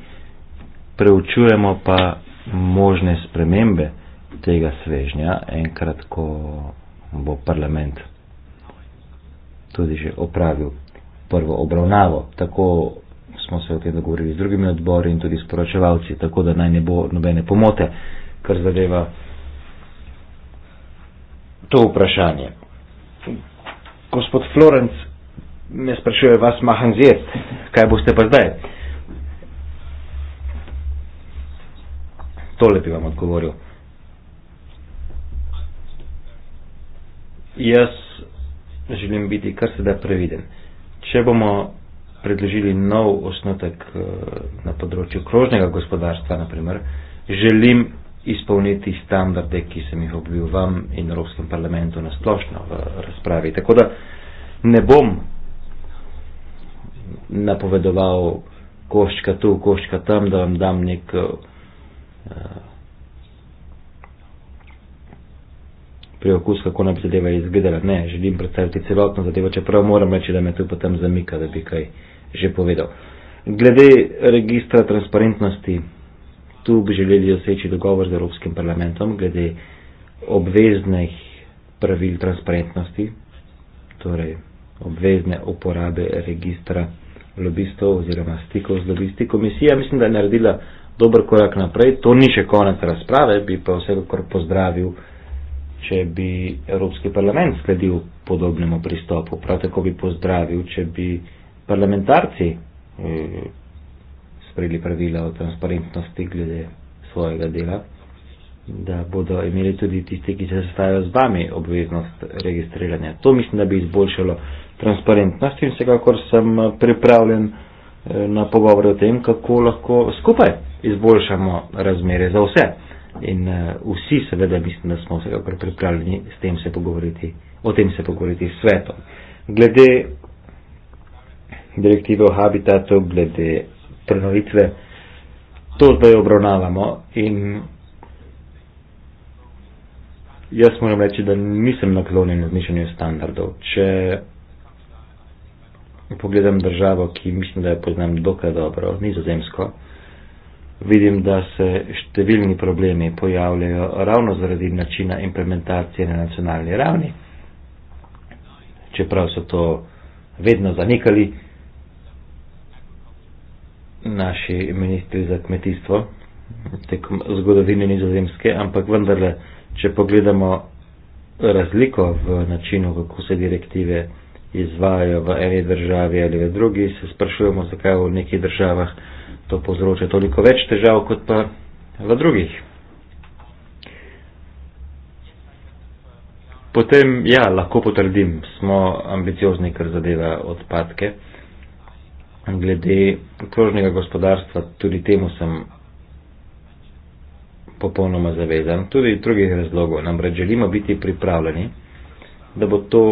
preučujemo pa možne spremembe tega svežnja, enkrat, ko bo parlament tudi že opravil prvo obravnavo. Tako smo se o tem dogovorili z drugimi odbori in tudi s poročevalci, tako da naj ne bo nobene pomote, kar zadeva to vprašanje. Gospod Florence, me sprašuje vas Mahanzir, kaj boste pa zdaj? Tole bi vam odgovoril. Jaz želim biti kar se da previden. Če bomo predložili nov osnotek eh, na področju krožnega gospodarstva, naprimer, želim izpolniti standarde, ki sem jih obljubil vam in Evropskem parlamentu na splošno v razpravi. Tako da ne bom napovedoval koščka tu, koščka tam, da vam dam nek eh, preokus, kako naj bi zadeva izgledala. Ne, želim predstaviti celotno zadevo, čeprav moram reči, da me tu potem zamika, da bi kaj že povedal. Glede registra transparentnosti, tu bi želeli doseči dogovor z Evropskim parlamentom, glede obveznih pravil transparentnosti, torej obvezne uporabe registra lobistov oziroma stikov z lobisti. Komisija mislim, da je naredila dober korak naprej. To ni še konec razprave, bi pa vsekakor pozdravil, če bi Evropski parlament sledil podobnemu pristopu. Prav tako bi pozdravil, če bi parlamentarci eh, sprejeli pravila o transparentnosti glede svojega dela, da bodo imeli tudi tisti, ki se sestavljajo z vami, obveznost registriranja. To mislim, da bi izboljšalo transparentnost in vsekakor sem eh, pripravljen eh, na pogovore o tem, kako lahko skupaj izboljšamo razmere za vse. In eh, vsi seveda mislim, da smo vsekakor pripravljeni s tem se pogovoriti, o tem se pogovoriti s svetom. Glede direktive o habitatu, glede prenovitve, to zdaj obravnavamo in jaz moram reči, da nisem naklonjen na znišanju standardov. Če pogledam državo, ki mislim, da jo poznam dokaj dobro, nizozemsko, vidim, da se številni problemi pojavljajo ravno zaradi načina implementacije na nacionalni ravni, čeprav so to vedno zanikali naši ministri za kmetijstvo tekom zgodovine nizozemske, ampak vendarle, če pogledamo razliko v načinu, kako se direktive izvajajo v eni državi ali v drugi, se sprašujemo, zakaj v nekih državah to povzroča toliko več težav kot pa v drugih. Potem, ja, lahko potrdim, smo ambiciozni, kar zadeva odpadke. Glede krožnega gospodarstva, tudi temu sem popolnoma zavezan, tudi drugih razlogov. Namreč želimo biti pripravljeni, da bo to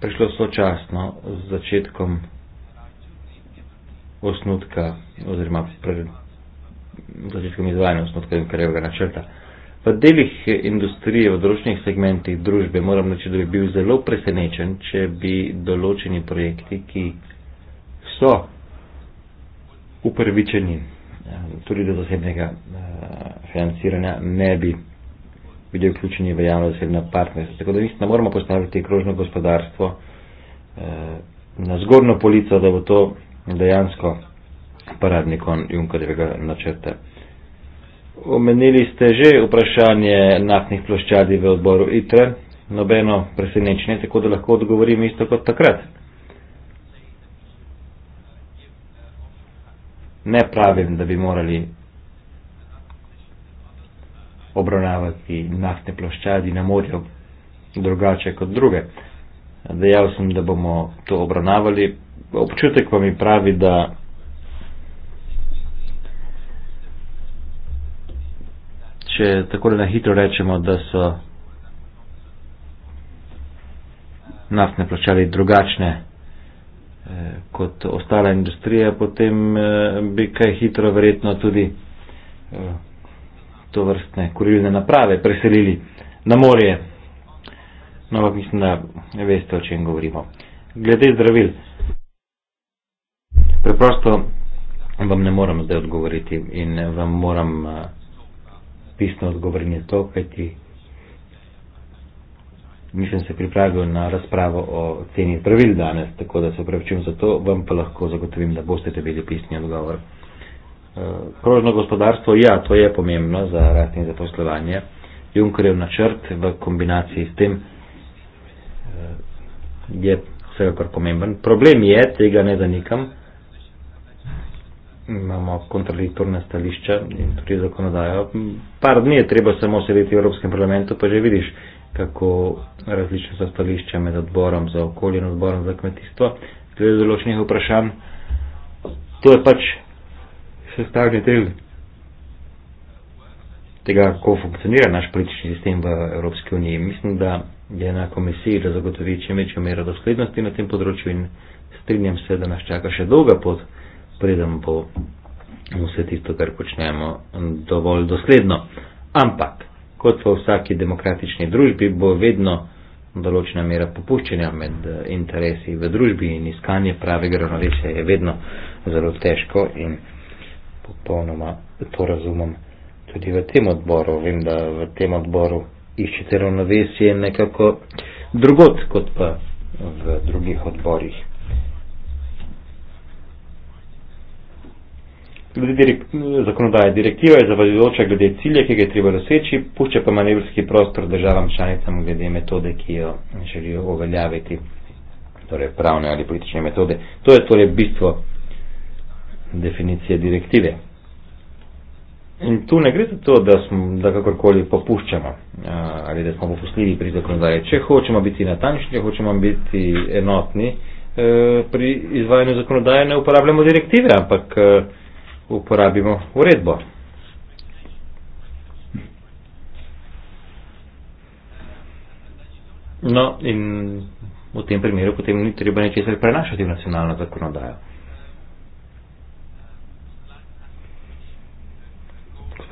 prišlo sočasno z začetkom osnutka oziroma začetkom izvajanja osnutka in krajevega načrta. V delih industrije, v določenih segmentih družbe moram reči, da bi bil zelo presenečen, če bi določeni projekti, ki so upravičeni ja, tudi do zasebnega eh, financiranja, ne bi bili vključeni v javno zasebno partnerstvo. Tako da mi ne moramo postaviti krožno gospodarstvo eh, na zgornjo polico, da bo to dejansko paradnik on Junkerjevega načrta. Omenili ste že vprašanje naftnih ploščadi v odboru ITRE, nobeno presenečenje, tako da lahko odgovorim isto kot takrat. Ne pravim, da bi morali obravnavati naftne ploščadi na morju drugače kot druge. Dejal sem, da bomo to obravnavali. Občutek pa mi pravi, da če tako na hitro rečemo, da so naftne ploščadi drugačne eh, kot ostala industrija, potem eh, bi kaj hitro verjetno tudi eh, to vrstne kurilne naprave preselili na morje. No, ampak mislim, da ne veste, o čem govorimo. Glede zdravil, preprosto vam ne moram zdaj odgovoriti in vam moram uh, pisno odgovoriti to, kajti nisem se pripravil na razpravo o ceni zdravil danes, tako da se upravičujem za to, vam pa lahko zagotovim, da boste dobili pisni odgovor krožno gospodarstvo, ja, to je pomembno za rast in za poslovanje. Junkerjev načrt v kombinaciji s tem eh, je vsekakor pomemben. Problem je, tega ne zanikam, imamo kontradiktorne stališča in tudi zakonodajo. Par dni je treba samo sedeti v Evropskem parlamentu, pa že vidiš, kako različne so stališča med odborom za okolje in odborom za kmetijstvo. To je zelo vprašanj. To je pač sestavni del tega, kako funkcionira naš politični sistem v Evropski uniji. Mislim, da je na komisiji, da zagotovi čim večjo mero doslednosti na tem področju in strinjam se, da nas čaka še dolga pot, preden bo vse tisto, kar počnemo, dovolj dosledno. Ampak, kot v vsaki demokratični družbi, bo vedno določena mera popuščanja med eh, interesi v družbi in iskanje pravega ravnovesja je vedno zelo težko in popolnoma to razumem. Tudi v tem odboru, vem, da v tem odboru iščete ravnovesje nekako drugot, kot pa v drugih odborih. Glede direk zakonodaje direktiva je zavadujoča glede cilja, ki ga je treba doseči, pušča pa manevrski prostor državam članicam glede metode, ki jo želijo uveljaviti, torej pravne ali politične metode. To je torej bistvo definicije direktive. In tu ne gre za to, da, smo, da kakorkoli popuščamo eh, ali da smo popustili pri zakonodaji. Če hočemo biti natančni, če hočemo biti enotni eh, pri izvajanju zakonodaje, ne uporabljamo direktive, ampak eh, uporabimo uredbo. No, in v tem primeru potem ni treba ničesar prenašati v nacionalno zakonodajo.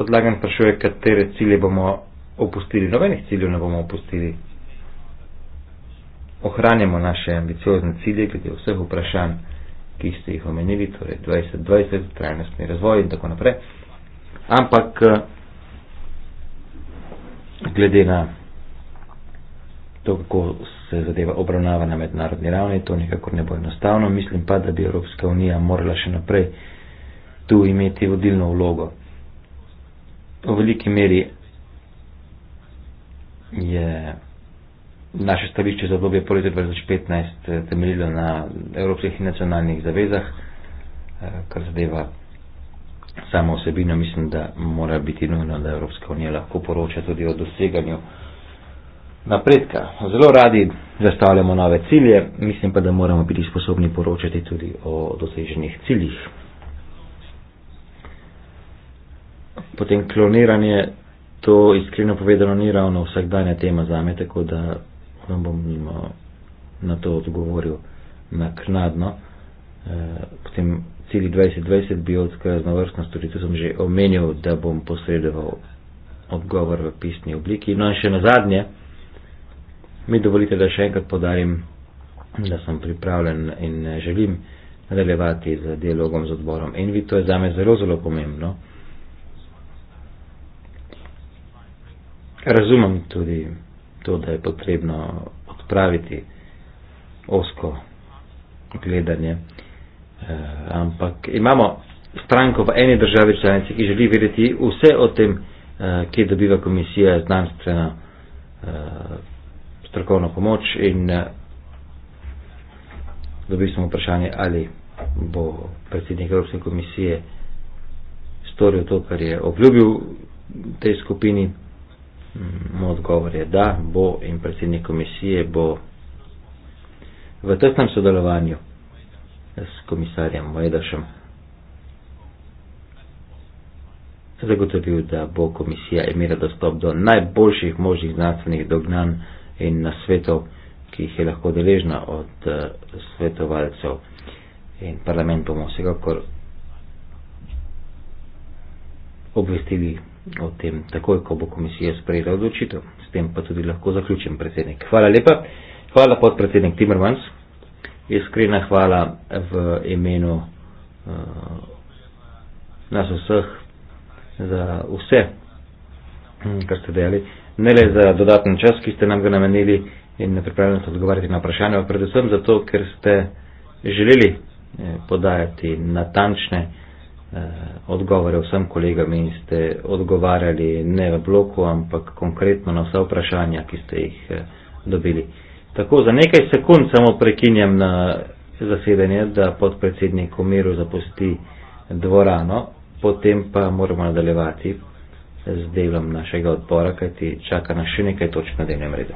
Podlagan sprašuje, katere cilje bomo opustili. Nobenih ciljev ne bomo opustili. Ohranjamo naše ambiciozne cilje glede vseh vprašanj, ki ste jih omenili, torej 2020, trajnostni razvoj in tako naprej. Ampak eh, glede na to, kako se zadeva obravnava na mednarodni ravni, to nikakor ne bo enostavno. Mislim pa, da bi Evropska unija morala še naprej tu imeti vodilno vlogo в великой мере е, наше столище за доби полета 2015 темелило на европейских и национальных завезах, кар задева само особино, мислим да мора бити нужно да Европска унија лако пороча туди о достигању напредка. Зло ради заставljamo нове циље, мислим па да морамо бити способни порочати туди о достигањих циљих. potem kloniranje, to iskreno povedano ni ravno vsakdanja tema za me, tako da vam bom mimo na to odgovoril naknadno. E, potem cilj 2020 biotska raznovrstnost, tudi tu sem že omenil, da bom posredoval odgovor v pisni obliki. No in še na zadnje, mi dovolite, da še enkrat podarim, da sem pripravljen in želim nadaljevati z dialogom z odborom. In vi to je zame zelo, zelo pomembno. Razumem tudi to, da je potrebno odpraviti osko gledanje, eh, ampak imamo stranko v eni državi članici, ki želi vedeti vse o tem, eh, kje dobiva komisija znanstvena eh, strokovna pomoč in eh, dobili smo vprašanje, ali bo predsednik Evropske komisije storil to, kar je obljubil tej skupini. Moj odgovor je da, bo in predsednik komisije bo v tesnem sodelovanju s komisarjem Mojedašem zagotovil, da bo komisija imela dostop do najboljših možnih znanstvenih dognan in nasvetov, ki jih je lahko deležna od uh, svetovalcev. In parlament bomo vsekakor obvestili o tem takoj, ko bo komisija sprejela odločitev. S tem pa tudi lahko zaključim, predsednik. Hvala lepa. Hvala podpredsednik Timmermans. Iskrena hvala v imenu uh, nas vseh za vse, hm, kar ste dejali. Ne le za dodaten čas, ki ste nam ga namenili in na pripravljenost odgovarjati na vprašanje, ampak predvsem zato, ker ste želeli eh, podajati natančne. Eh, odgovore vsem kolegam in ste odgovarjali ne v bloku, ampak konkretno na vsa vprašanja, ki ste jih eh, dobili. Tako za nekaj sekund samo prekinjam na zasedanje, da podpredsednik v miru zapusti dvorano, potem pa moramo nadaljevati z delom našega odbora, kajti čaka nas še nekaj točk na dnevnem redu.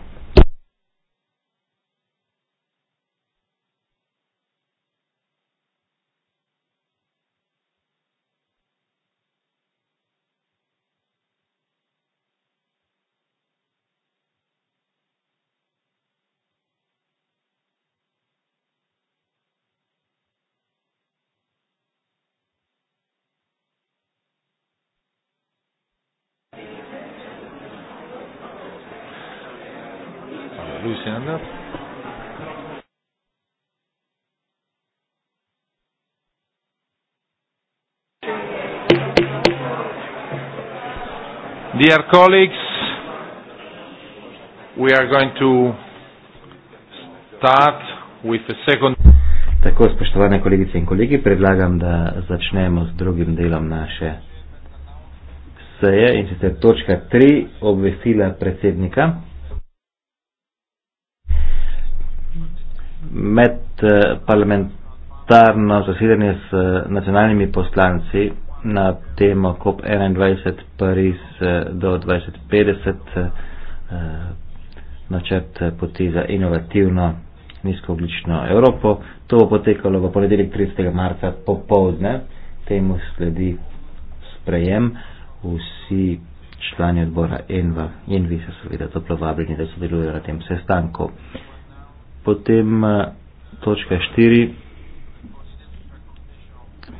Dear colleagues, we are going to start with the second. Tako, spoštovane kolegice in kolegi, predlagam, da začnemo s drugim delom naše seje in sicer točka 3 obvestila predsednika. Med parlamentarno zasedanje s nacionalnimi poslanci na temo COP21 Pariz eh, do 2050 eh, načrt eh, poti za inovativno nizkooglično Evropo. To bo potekalo v ponedeljek 30. marca popovdne. Temu sledi sprejem. Vsi člani odbora ENVA in vi se seveda toplo vabljeni, da sodelujejo na tem sestanku. Potem točka 4.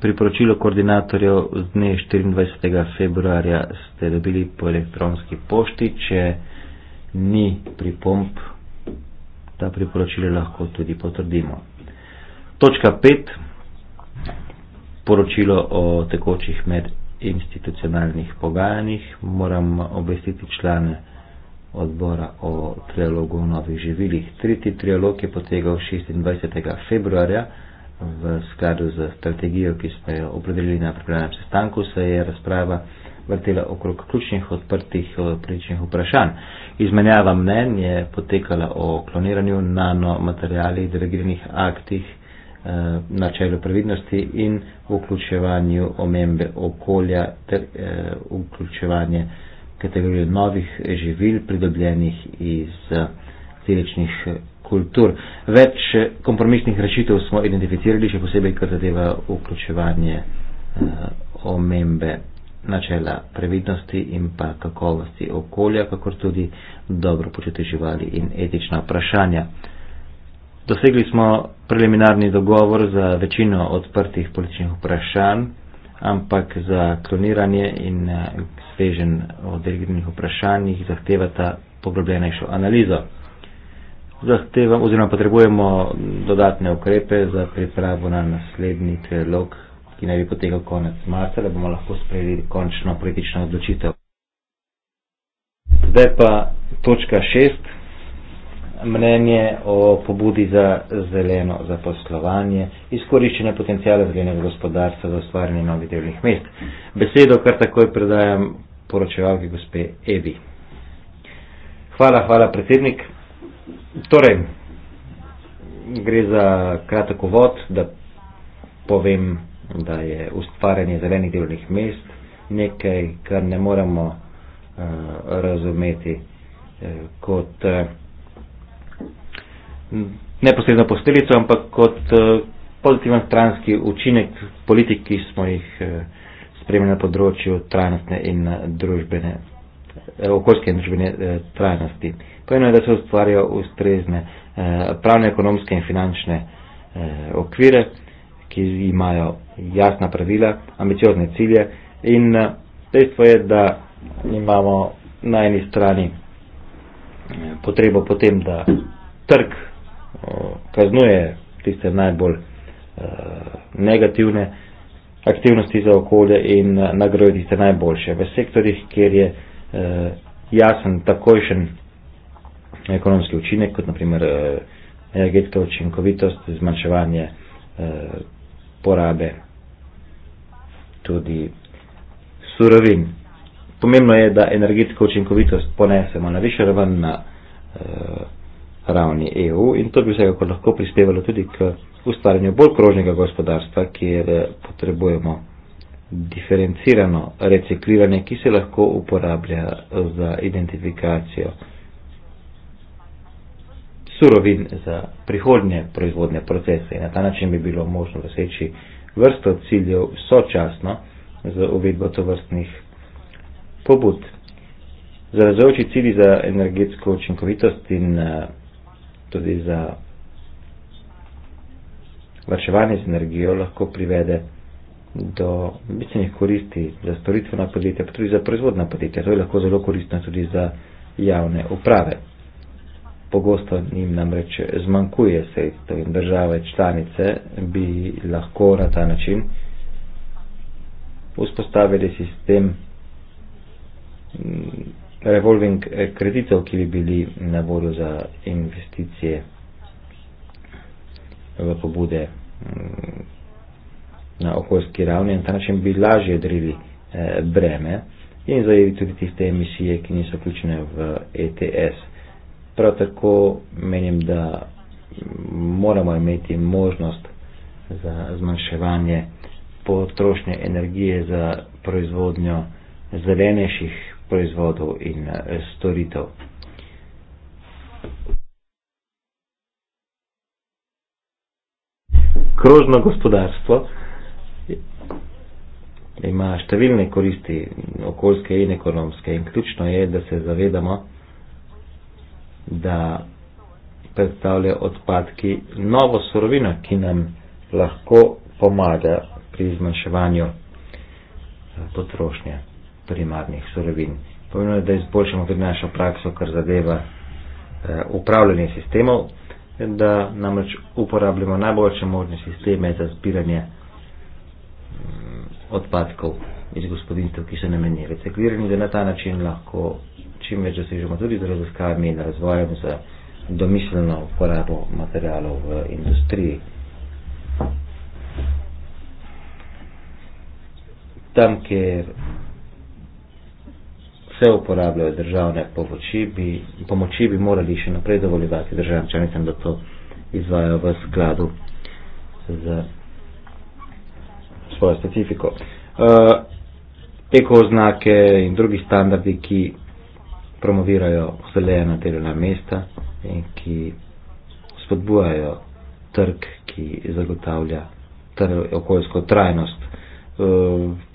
Priporočilo koordinatorjev z dne 24. februarja ste dobili po elektronski pošti. Če ni pripomp, ta priporočila lahko tudi potrdimo. Točka 5. Poročilo o tekočih medinstitucionalnih pogajanjih. Moram obvestiti člane odbora o trialogu o novih živilih. Tretji trialog je potekal 26. februarja v skladu z strategijo, ki smo jo opredelili na pripravljenem sestanku, se je razprava vrtela okrog ključnih odprtih eh, političnih vprašanj. Izmenjava mnen je potekala o kloniranju, nanomaterialih, delegiranih aktih, eh, načelu previdnosti in vključevanju omembe okolja ter eh, vključevanje kategorije novih živil pridobljenih iz ciličnih kultur. Več kompromisnih rešitev smo identificirali, še posebej, kar zadeva vključevanje eh, omembe načela previdnosti in pa kakovosti okolja, kakor tudi dobro početi živali in etična vprašanja. Dosegli smo preliminarni dogovor za večino odprtih političnih vprašanj, ampak za kloniranje in eh, svežen o delegiranih vprašanjih zahtevata poglobljenejšo analizo zahtevamo oziroma potrebujemo dodatne ukrepe za pripravo na naslednji trilog, ki naj bi potekal konec marca, da bomo lahko sprejeli končno politično odločitev. Zdaj pa točka šest, mnenje o pobudi za zeleno zaposlovanje, izkoriščenje potencijala zelenega gospodarstva za ustvarjanje novih delovnih mest. Besedo kar takoj predajam poročevalki gospe Evi. Hvala, hvala predsednik. Torej, gre za kratek uvod, da povem, da je ustvarjanje zelenih delovnih mest nekaj, kar ne moremo uh, razumeti uh, kot uh, neposredno posteljico, ampak kot uh, pozitiven stranski učinek politik, ki smo jih uh, spremljali na področju trajnostne in družbene, uh, okoljske in družbene uh, trajnosti. Uh, Po eno je, da se ustvarijo ustrezne eh, pravne, ekonomske in finančne eh, okvire, ki imajo jasna pravila, ambiciozne cilje in eh, dejstvo je, da imamo na eni strani potrebo potem, da trg kaznuje tiste najbolj negativne aktivnosti za okolje in nagrajuje tiste najboljše v sektorjih, kjer je jasen takojšen ekonomski učinek, kot naprimer eh, energetska učinkovitost, zmanjševanje eh, porabe tudi surovin. Pomembno je, da energetsko učinkovitost ponesemo na višjo raven na eh, ravni EU in to bi vsekako lahko prispevalo tudi k ustvarjanju bolj krožnega gospodarstva, kjer eh, potrebujemo diferencirano recikliranje, ki se lahko uporablja za identifikacijo surovin za prihodnje proizvodne procese in na ta način bi bilo možno doseči vrsto ciljev sočasno z uvedbo tovrstnih pobud. Zavezujoči cilji za energetsko učinkovitost in eh, tudi za vrševanje z energijo lahko privede do bistvenih koristi za storitvena podjetja, pa tudi za proizvodna podjetja. To je lahko zelo koristno tudi za javne uprave pogosto jim namreč zmanjkuje sredstev in države članice bi lahko na ta način vzpostavili sistem mm, revolving kreditov, ki bi bili na voljo za investicije v pobude mm, na okoljski ravni in ta način bi lažje drili eh, breme in zajeli tudi tiste emisije, ki niso vključene v ETS. Prav tako menim, da moramo imeti možnost za zmanjševanje potrošnje energije za proizvodnjo zelenejših proizvodov in eh, storitev. Krožno gospodarstvo ima številne koristi okoljske in ekonomske in ključno je, da se zavedamo, da predstavlja odpadki novo surovino, ki nam lahko pomaga pri zmanjševanju eh, potrošnje primarnih surovin. Pomembno je, da izboljšamo tudi našo prakso, kar zadeva eh, upravljanje sistemov, da namreč uporabljamo najboljše možne sisteme za zbiranje mm, odpadkov iz gospodinstv, ki so namenjeni reciklirani, da na ta način lahko čim več dosežemo tudi z raziskavami in razvojem za domišljeno uporabo materialov v industriji. Tam, kjer vse uporabljajo državne pomoči, bi, pomoči bi morali še naprej dovoljevati državam članicam, da to izvajajo v skladu z svojo specifiko. Uh, eh, eko oznake in drugi standardi, ki promovirajo zelena delovna mesta in ki spodbujajo trg, ki zagotavlja okoljsko trajnost. E,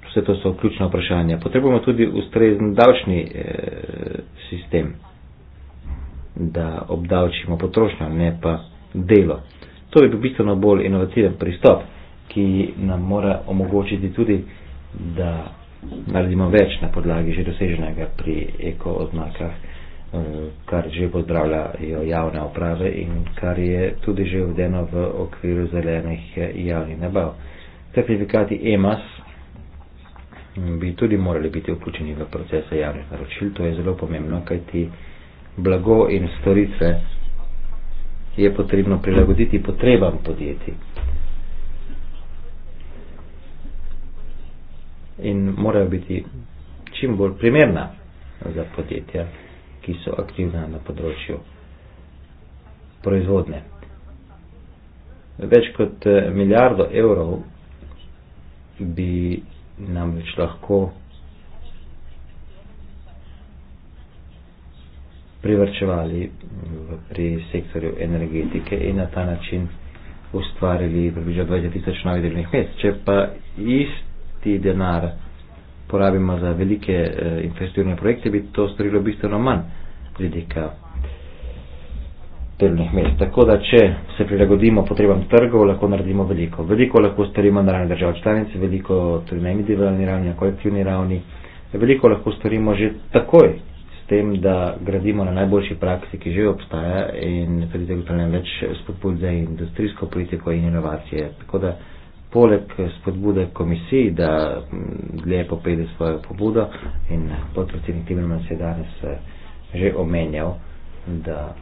vse to so ključna vprašanja. Potrebujemo tudi ustrezen davčni e, sistem, da obdavčimo potrošnjo, ne pa delo. To je bil bistveno bolj inovativen pristop, ki nam mora omogočiti tudi, da naredimo več na podlagi že doseženega pri eko oznakah, eh, kar že pozdravljajo javne uprave in kar je tudi že uvedeno v okviru zelenih eh, javnih nabav. Certifikati EMAS mm, bi tudi morali biti vključeni v procese javnih naročil, to je zelo pomembno, kajti blago in storitve je potrebno prilagoditi potrebam podjetij. in morajo biti čim bolj primerna za podjetja, ki so aktivna na področju proizvodne. Več kot eh, milijardo evrov bi namreč lahko privrčevali pri sektorju energetike in na ta način ustvarili približno 20 tisoč novih delovnih mest. Če pa isto ti denar porabimo za velike eh, infrastrukturne projekte, bi to storilo bistveno manj vidika delovnih mest. Tako da, če se prilagodimo potrebam trgov, lahko naredimo veliko. Veliko lahko storimo na ravni držav članice, veliko tudi na individualni ravni, na kolektivni ravni. Veliko lahko storimo že takoj s tem, da gradimo na najboljši praksi, ki že obstaja in tudi zagotavljam več spodbud za industrijsko politiko in inovacije. Tako da, poleg spodbude komisiji, da mm, lepo pride svojo pobudo in podpredsednik Timerman se je danes eh, že omenjal, da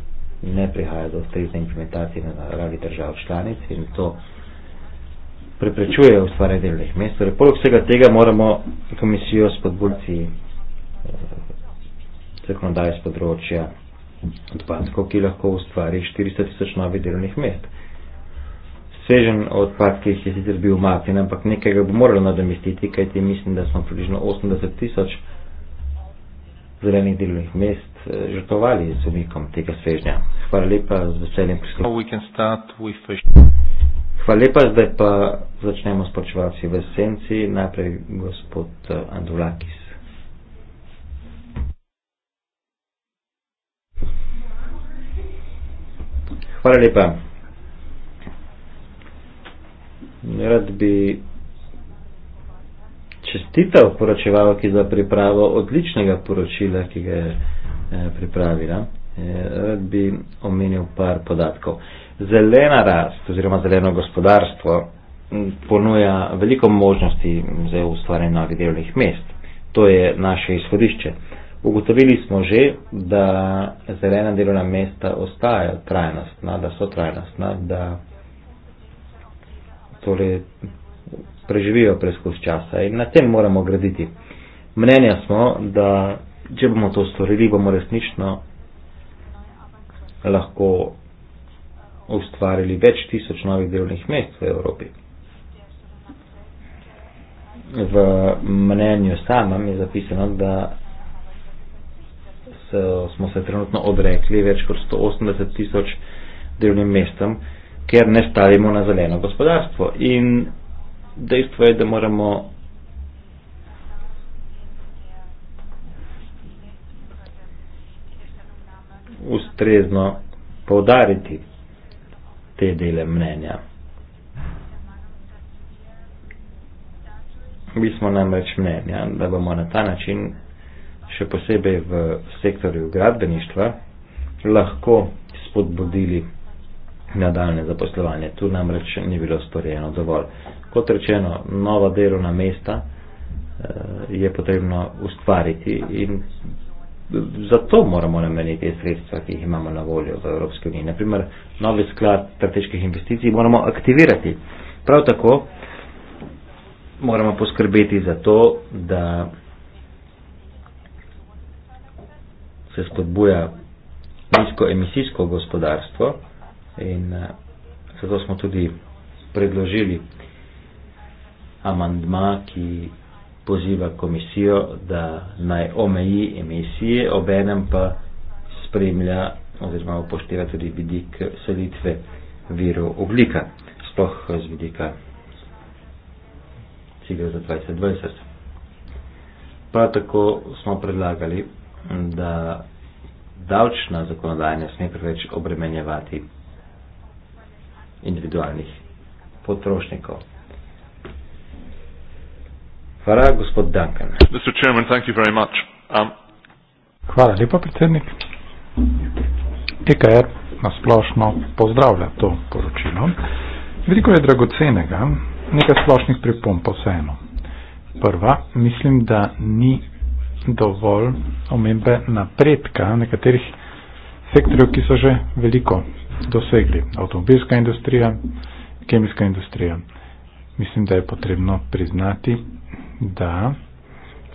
ne prihaja do ustrezne implementacije na ravni držav članic in to preprečuje ustvarjanje delovnih mest. Torej, poleg vsega tega moramo komisijo spodbuditi eh, zakonodaje z področja odpadkov, ki lahko ustvari 400 tisoč novih delovnih mest sveženj odpadki je sicer bil umaknjen, ampak nekaj ga bo moralo nadomestiti, kajti mislim, da smo približno 80 tisoč zelenih delovnih mest eh, žrtovali z umikom tega svežnja. Hvala lepa, z veseljem prisluhnem. Hvala lepa, zdaj pa začnemo s počevalci v senci. Najprej gospod eh, Andulakis. Hvala lepa rad bi čestital poročevalki za pripravo odličnega poročila, ki ga je eh, pripravila. Eh, rad bi omenil par podatkov. Zelena rast oziroma zeleno gospodarstvo ponuja veliko možnosti za ustvarjanje novih delovnih mest. To je naše izhodišče. Ugotovili smo že, da zelena delovna mesta ostajajo trajnostna, da so trajnostna, da torej preživijo preskus časa in na tem moramo graditi. Mnenja smo, da če bomo to storili, bomo resnično lahko ustvarili več tisoč novih delovnih mest v Evropi. V mnenju samem je zapisano, da smo se trenutno odrekli več kot 180 tisoč delovnim mestom ker ne stavimo na zeleno gospodarstvo. In dejstvo je, da moramo ustrezno povdariti te dele mnenja. Mi smo namreč mnenja, da bomo na ta način, še posebej v sektorju gradbeništva, lahko spodbudili nadaljne zaposlovanje. Tu namreč ni bilo storjeno dovolj. Kot rečeno, nova delovna mesta eh, je potrebno ustvariti in zato moramo nameniti sredstva, ki jih imamo na voljo v Evropski uniji. Naprimer, novi sklad strateških investicij moramo aktivirati. Prav tako moramo poskrbeti za to, da se spodbuja nizkoemisijsko gospodarstvo in eh, zato smo tudi predložili amandma, ki poziva komisijo, da naj omeji emisije, obenem pa spremlja oziroma upošteva tudi vidik selitve virov oblika, sploh z vidika cilja za 2020. Prav tako smo predlagali, da davčna zakonodajna ne sme preveč obremenjevati individualnih potrošnikov. Hvala, gospod Duncan. Mr. Chairman, thank you very much. Um... Hvala lepa, predsednik. EKR nasplošno pozdravlja to poročilo. Veliko je dragocenega, nekaj splošnih pripomp pa vseeno. Prva, mislim, da ni dovolj omembe napredka nekaterih sektorjev, ki so že veliko dosegli. Avtomobilska industrija, kemijska industrija. Mislim, da je potrebno priznati, da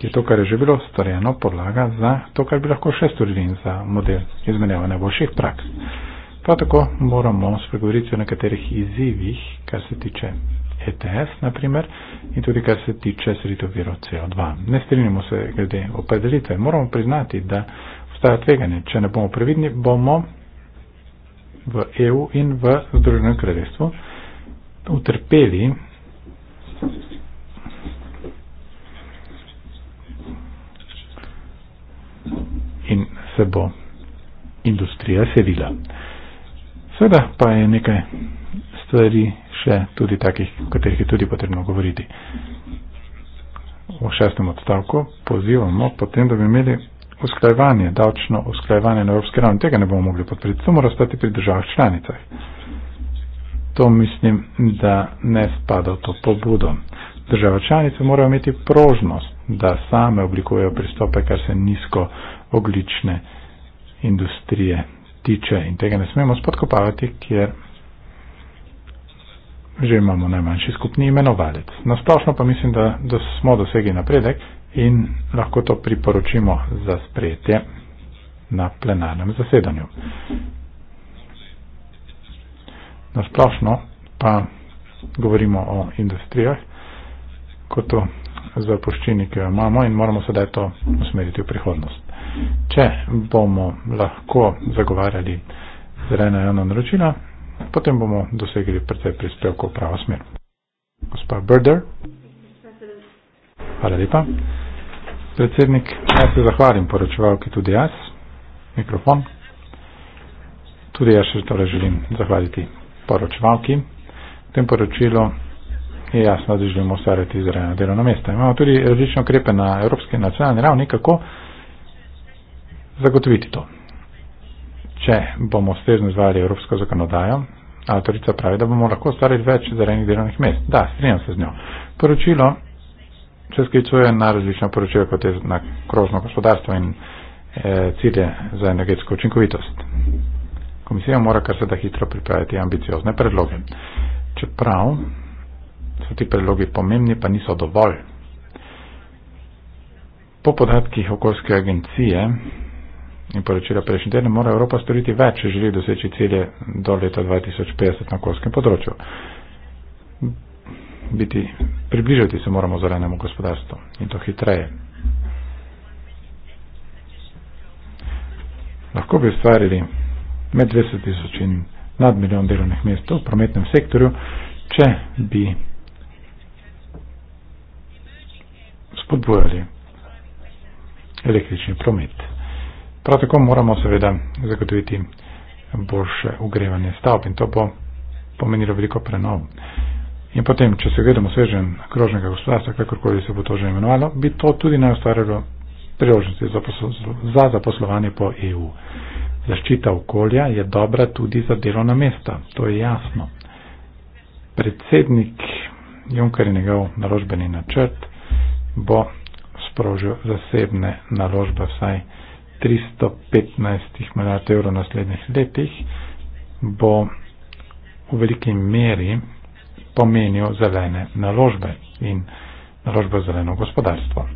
je to, kar je že bilo storjeno, podlaga za to, kar bi lahko še storili in za model izmenjava najboljših praks. Prav tako moramo spregovoriti o nekaterih izzivih, kar se tiče ETS, naprimer, in tudi kar se tiče sredo viro CO2. Ne strinjamo se glede opredelitve. Moramo priznati, da obstaja tveganje. Če ne bomo previdni, bomo v EU in v Združenem kraljestvu utrpeli in se bo industrija selila. Sveda pa je nekaj stvari še tudi takih, o katerih je tudi potrebno govoriti. V šestem odstavku pozivamo potem, da bi imeli usklajevanje, davčno usklajevanje na evropski ravni, tega ne bomo mogli podpreti, to mora stati pri državah članicah. To mislim, da ne spada v to pobudo. Država članice morajo imeti prožnost, da same oblikujejo pristope, kar se nizko oglične industrije tiče in tega ne smemo spodkopavati, ker že imamo najmanjši skupni imenovalec. Nasplošno pa mislim, da, da smo dosegli napredek in lahko to priporočimo za sprejetje na plenarnem zasedanju. Na splošno pa govorimo o industrijah kot o zapuščini, ki jo imamo in moramo sedaj to usmeriti v prihodnost. Če bomo lahko zagovarjali zelena javna naročila, potem bomo dosegli precej prispevkov v pravo smer. Gospa Brder. Hvala lepa predsednik, jaz se zahvalim poročevalki tudi jaz, mikrofon. Tudi jaz še torej želim zahvaliti poročevalki. V tem poročilu je jasno, da želimo ustvariti izrejeno delovno mesto. Imamo tudi različne ukrepe na evropske nacionalne ravni, kako zagotoviti to. Če bomo ustrezno izvali evropsko zakonodajo, avtorica pravi, da bomo lahko ustvarili več izrejenih delovnih mest. Da, strinjam se z njo. Poročilo se sklicuje na različna poročila, kot je na krožno gospodarstvo in e, cilje za energetsko učinkovitost. Komisija mora kar se da hitro pripraviti ambiciozne predloge. Čeprav so ti predlogi pomembni, pa niso dovolj. Po podatkih okoljske agencije in poročila prejšnji teden mora Evropa storiti več, če želi doseči cilje do leta 2050 na okoljskem področju. Biti približati se moramo zelenemu gospodarstvu in to hitreje. Lahko bi ustvarili med 20 tisoč in nad milijon delovnih mest v prometnem sektorju, če bi spodbujali električni promet. Prav tako moramo seveda zagotoviti boljše ugrevanje stavb in to bo pomenilo veliko prenov. In potem, če se gledamo svežen krožnega gospodarstva, kakorkoli se bo to že imenovalo, bi to tudi naj ustvarjalo priložnosti za, za zaposlovanje po EU. Zaščita okolja je dobra tudi za delovna mesta, to je jasno. Predsednik Junker in njegov naložbeni načrt bo sprožil zasebne naložbe vsaj 315 milijard evrov v naslednjih letih, bo v veliki meri pomenijo zelene naložbe in naložbe v zeleno gospodarstvo.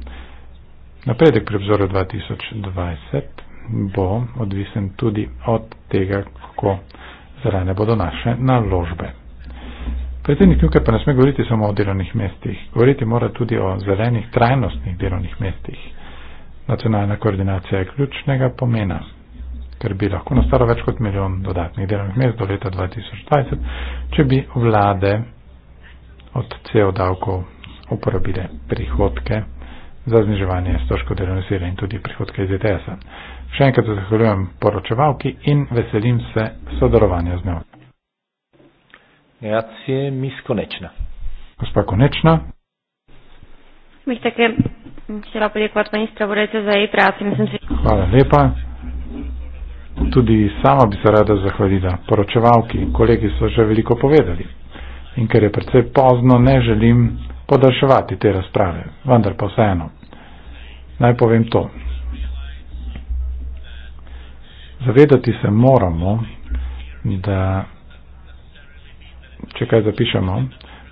Napredek pri obzoru 2020 bo odvisen tudi od tega, kako zelene bodo naše naložbe. Predsednik Juncker pa ne sme govoriti samo o delovnih mestih, govoriti mora tudi o zelenih trajnostnih delovnih mestih. Nacionalna koordinacija je ključnega pomena, ker bi lahko nastalo več kot milijon dodatnih delovnih mest do leta 2020, če bi vlade od CO davkov uporabile prihodke za zniževanje stroškov delovne sile in tudi prihodke iz ETS-a. Še enkrat zahvaljujem poročevalki in veselim se sodelovanja z njo. Grazie, mis konečna. Gospa konečna. Bih tako želela podjekovati ministra Borece za EPRAC. Hvala lepa. Tudi sama bi se rada zahvalila poročevalki. Kolegi so že veliko povedali in ker je predvsej pozno, ne želim podaljševati te razprave, vendar pa vseeno. Naj povem to. Zavedati se moramo, da če kaj zapišemo,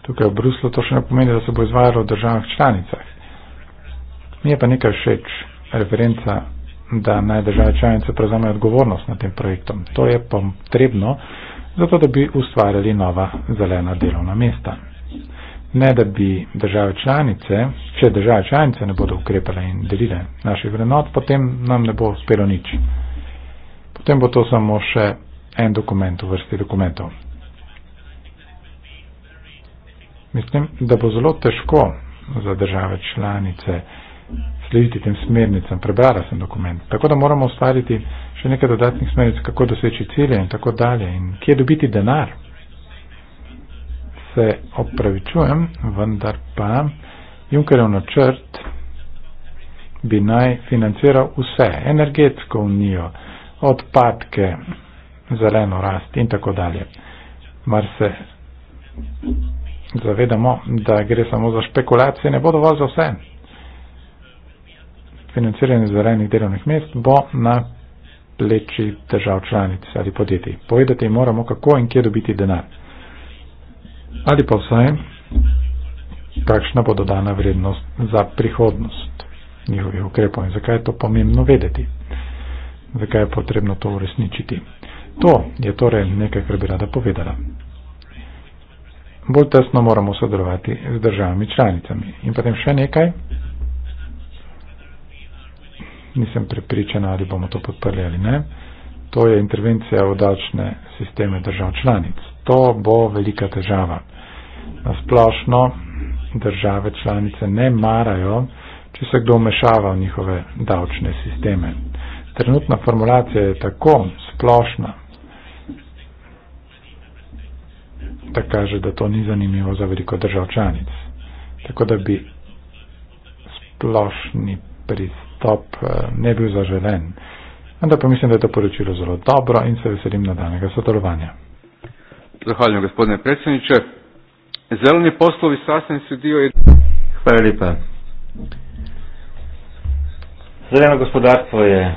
tukaj v Bruslu to še ne pomeni, da se bo izvajalo v državah članicah. Mi je pa nekaj všeč referenca, da naj države članice prevzame odgovornost nad tem projektom. To je potrebno. Pa zato da bi ustvarjali nova zelena delovna mesta. Ne da bi države članice, če države članice ne bodo ukrepale in delile naših vrednot, potem nam ne bo uspelo nič. Potem bo to samo še en dokument v vrsti dokumentov. Mislim, da bo zelo težko za države članice sledili tem smernicam, prebrala sem dokument. Tako da moramo ustvariti še nekaj dodatnih smernic, kako doseči cilje in tako dalje. In kje dobiti denar? Se opravičujem, vendar pa Junkerjev načrt bi naj financiral vse, energetsko unijo, odpadke, zeleno rast in tako dalje. Mar se zavedamo, da gre samo za špekulacije, ne bo dovolj za vse financiranje zelenih delovnih mest bo na pleči držav članic ali podjetij. Povedati moramo, kako in kje dobiti denar. Ali pa vsaj, kakšna bo dodana vrednost za prihodnost njihovih ukrepov in zakaj je to pomembno vedeti, zakaj je potrebno to uresničiti. To je torej nekaj, kar bi rada povedala. Bolj tesno moramo sodelovati z državami članicami. In potem še nekaj, nisem prepričana, ali bomo to podprli ali ne. To je intervencija v davčne sisteme držav članic. To bo velika težava. Na splošno države članice ne marajo, če se kdo vmešava v njihove davčne sisteme. Trenutna formulacija je tako splošna, da kaže, da to ni zanimivo za veliko držav članic. Tako da bi splošni pristop nastop eh, ne bil zaželen. Vendar pa mislim, da je to poročilo zelo dobro in se veselim nadaljnega sodelovanja. Zahvaljujem, gospodine predsedniče. Zeleni poslovi sasvim su dio i... Hvala lipa. Zeleno gospodarstvo je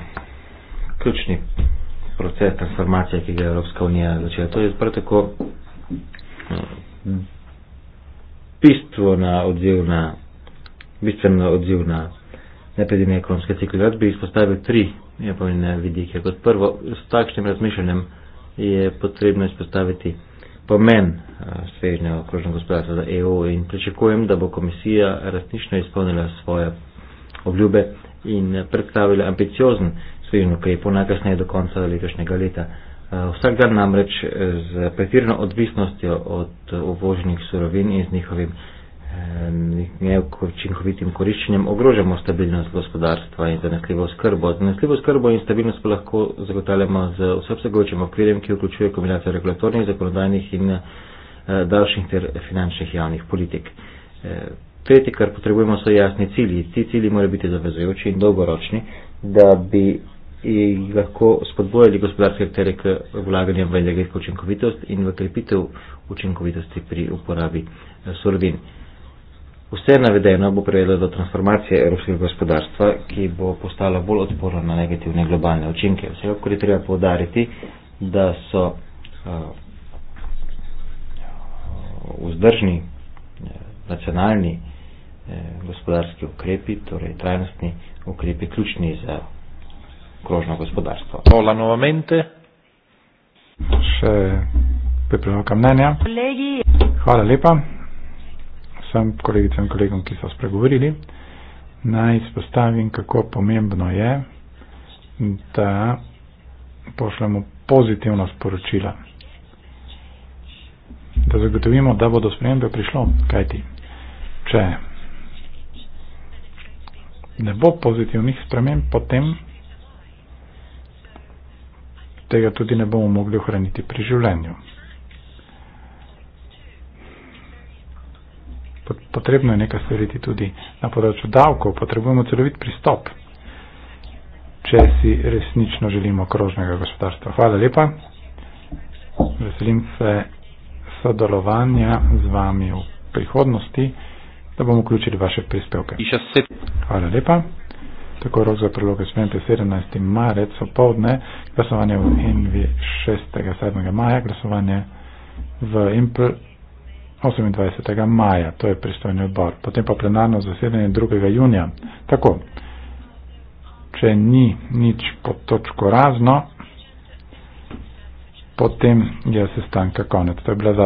ključni proces transformacije, ki ga je Evropska unija začela. To je prav tako eh, bistvo na odziv na bistveno odziv na epidemije ekonomske ciklike. Rad bi izpostavil tri pomembne vidike. Kot prvo, s takšnim razmišljanjem je potrebno izpostaviti pomen eh, svežnja okrožnega gospodarstva za EU in pričakujem, da bo komisija resnično izpolnila svoje obljube in predstavila ambiciozen svežnjo ukrepo najkasneje do konca letošnjega leta. Eh, vsak dan namreč z eh, pretirano odvisnostjo od uvoženih surovin in z njihovim Eh, nekako učinkovitim koriščenjem ogrožamo stabilnost gospodarstva in zanesljivo skrbo. Zanesljivo skrbo in stabilnost pa lahko zagotavljamo z vse vsegovičem okvirjem, ki vključuje kombinacijo regulatornih, zakonodajnih in eh, daljših ter finančnih javnih politik. Eh, tretje, kar potrebujemo, so jasni cilji. Ti cilji morajo biti zavezujoči in dolgoročni, da bi lahko spodbojali gospodarske aktere k vlaganjem v energetsko učinkovitost in v krepitev učinkovitosti pri uporabi surovin. Uh, Vse navedeno bo privedlo do transformacije evropskega gospodarstva, ki bo postala bolj odporna na negativne globalne učinke. Vsekakor je treba povdariti, da so uh, vzdržni eh, nacionalni eh, gospodarski ukrepi, torej trajnostni ukrepi, ključni za krožno gospodarstvo. Hvala novamente. Še pripravljam mnenja. Kolegi. Hvala lepa vsem kolegicam in kolegom, ki so spregovorili, naj izpostavim, kako pomembno je, da pošljemo pozitivna sporočila, da zagotovimo, da bodo spremembe prišlo, kajti če ne bo pozitivnih sprememb, potem tega tudi ne bomo mogli ohraniti pri življenju. potrebno je nekaj storiti tudi na področju davkov, potrebujemo celovit pristop, če si resnično želimo krožnega gospodarstva. Hvala lepa. Veselim se sodelovanja z vami v prihodnosti, da bomo vključili vaše prispevke. Hvala lepa. Tako rok za priloge spremljate 17. marec opovdne, glasovanje v Envi 6. 7. maja, glasovanje v Impl. 28. maja, to je pristojni odbor, potem pa plenarno zasedanje 2. junija. Tako, če ni nič pod točko razno, potem je sestanka konec. To je bila za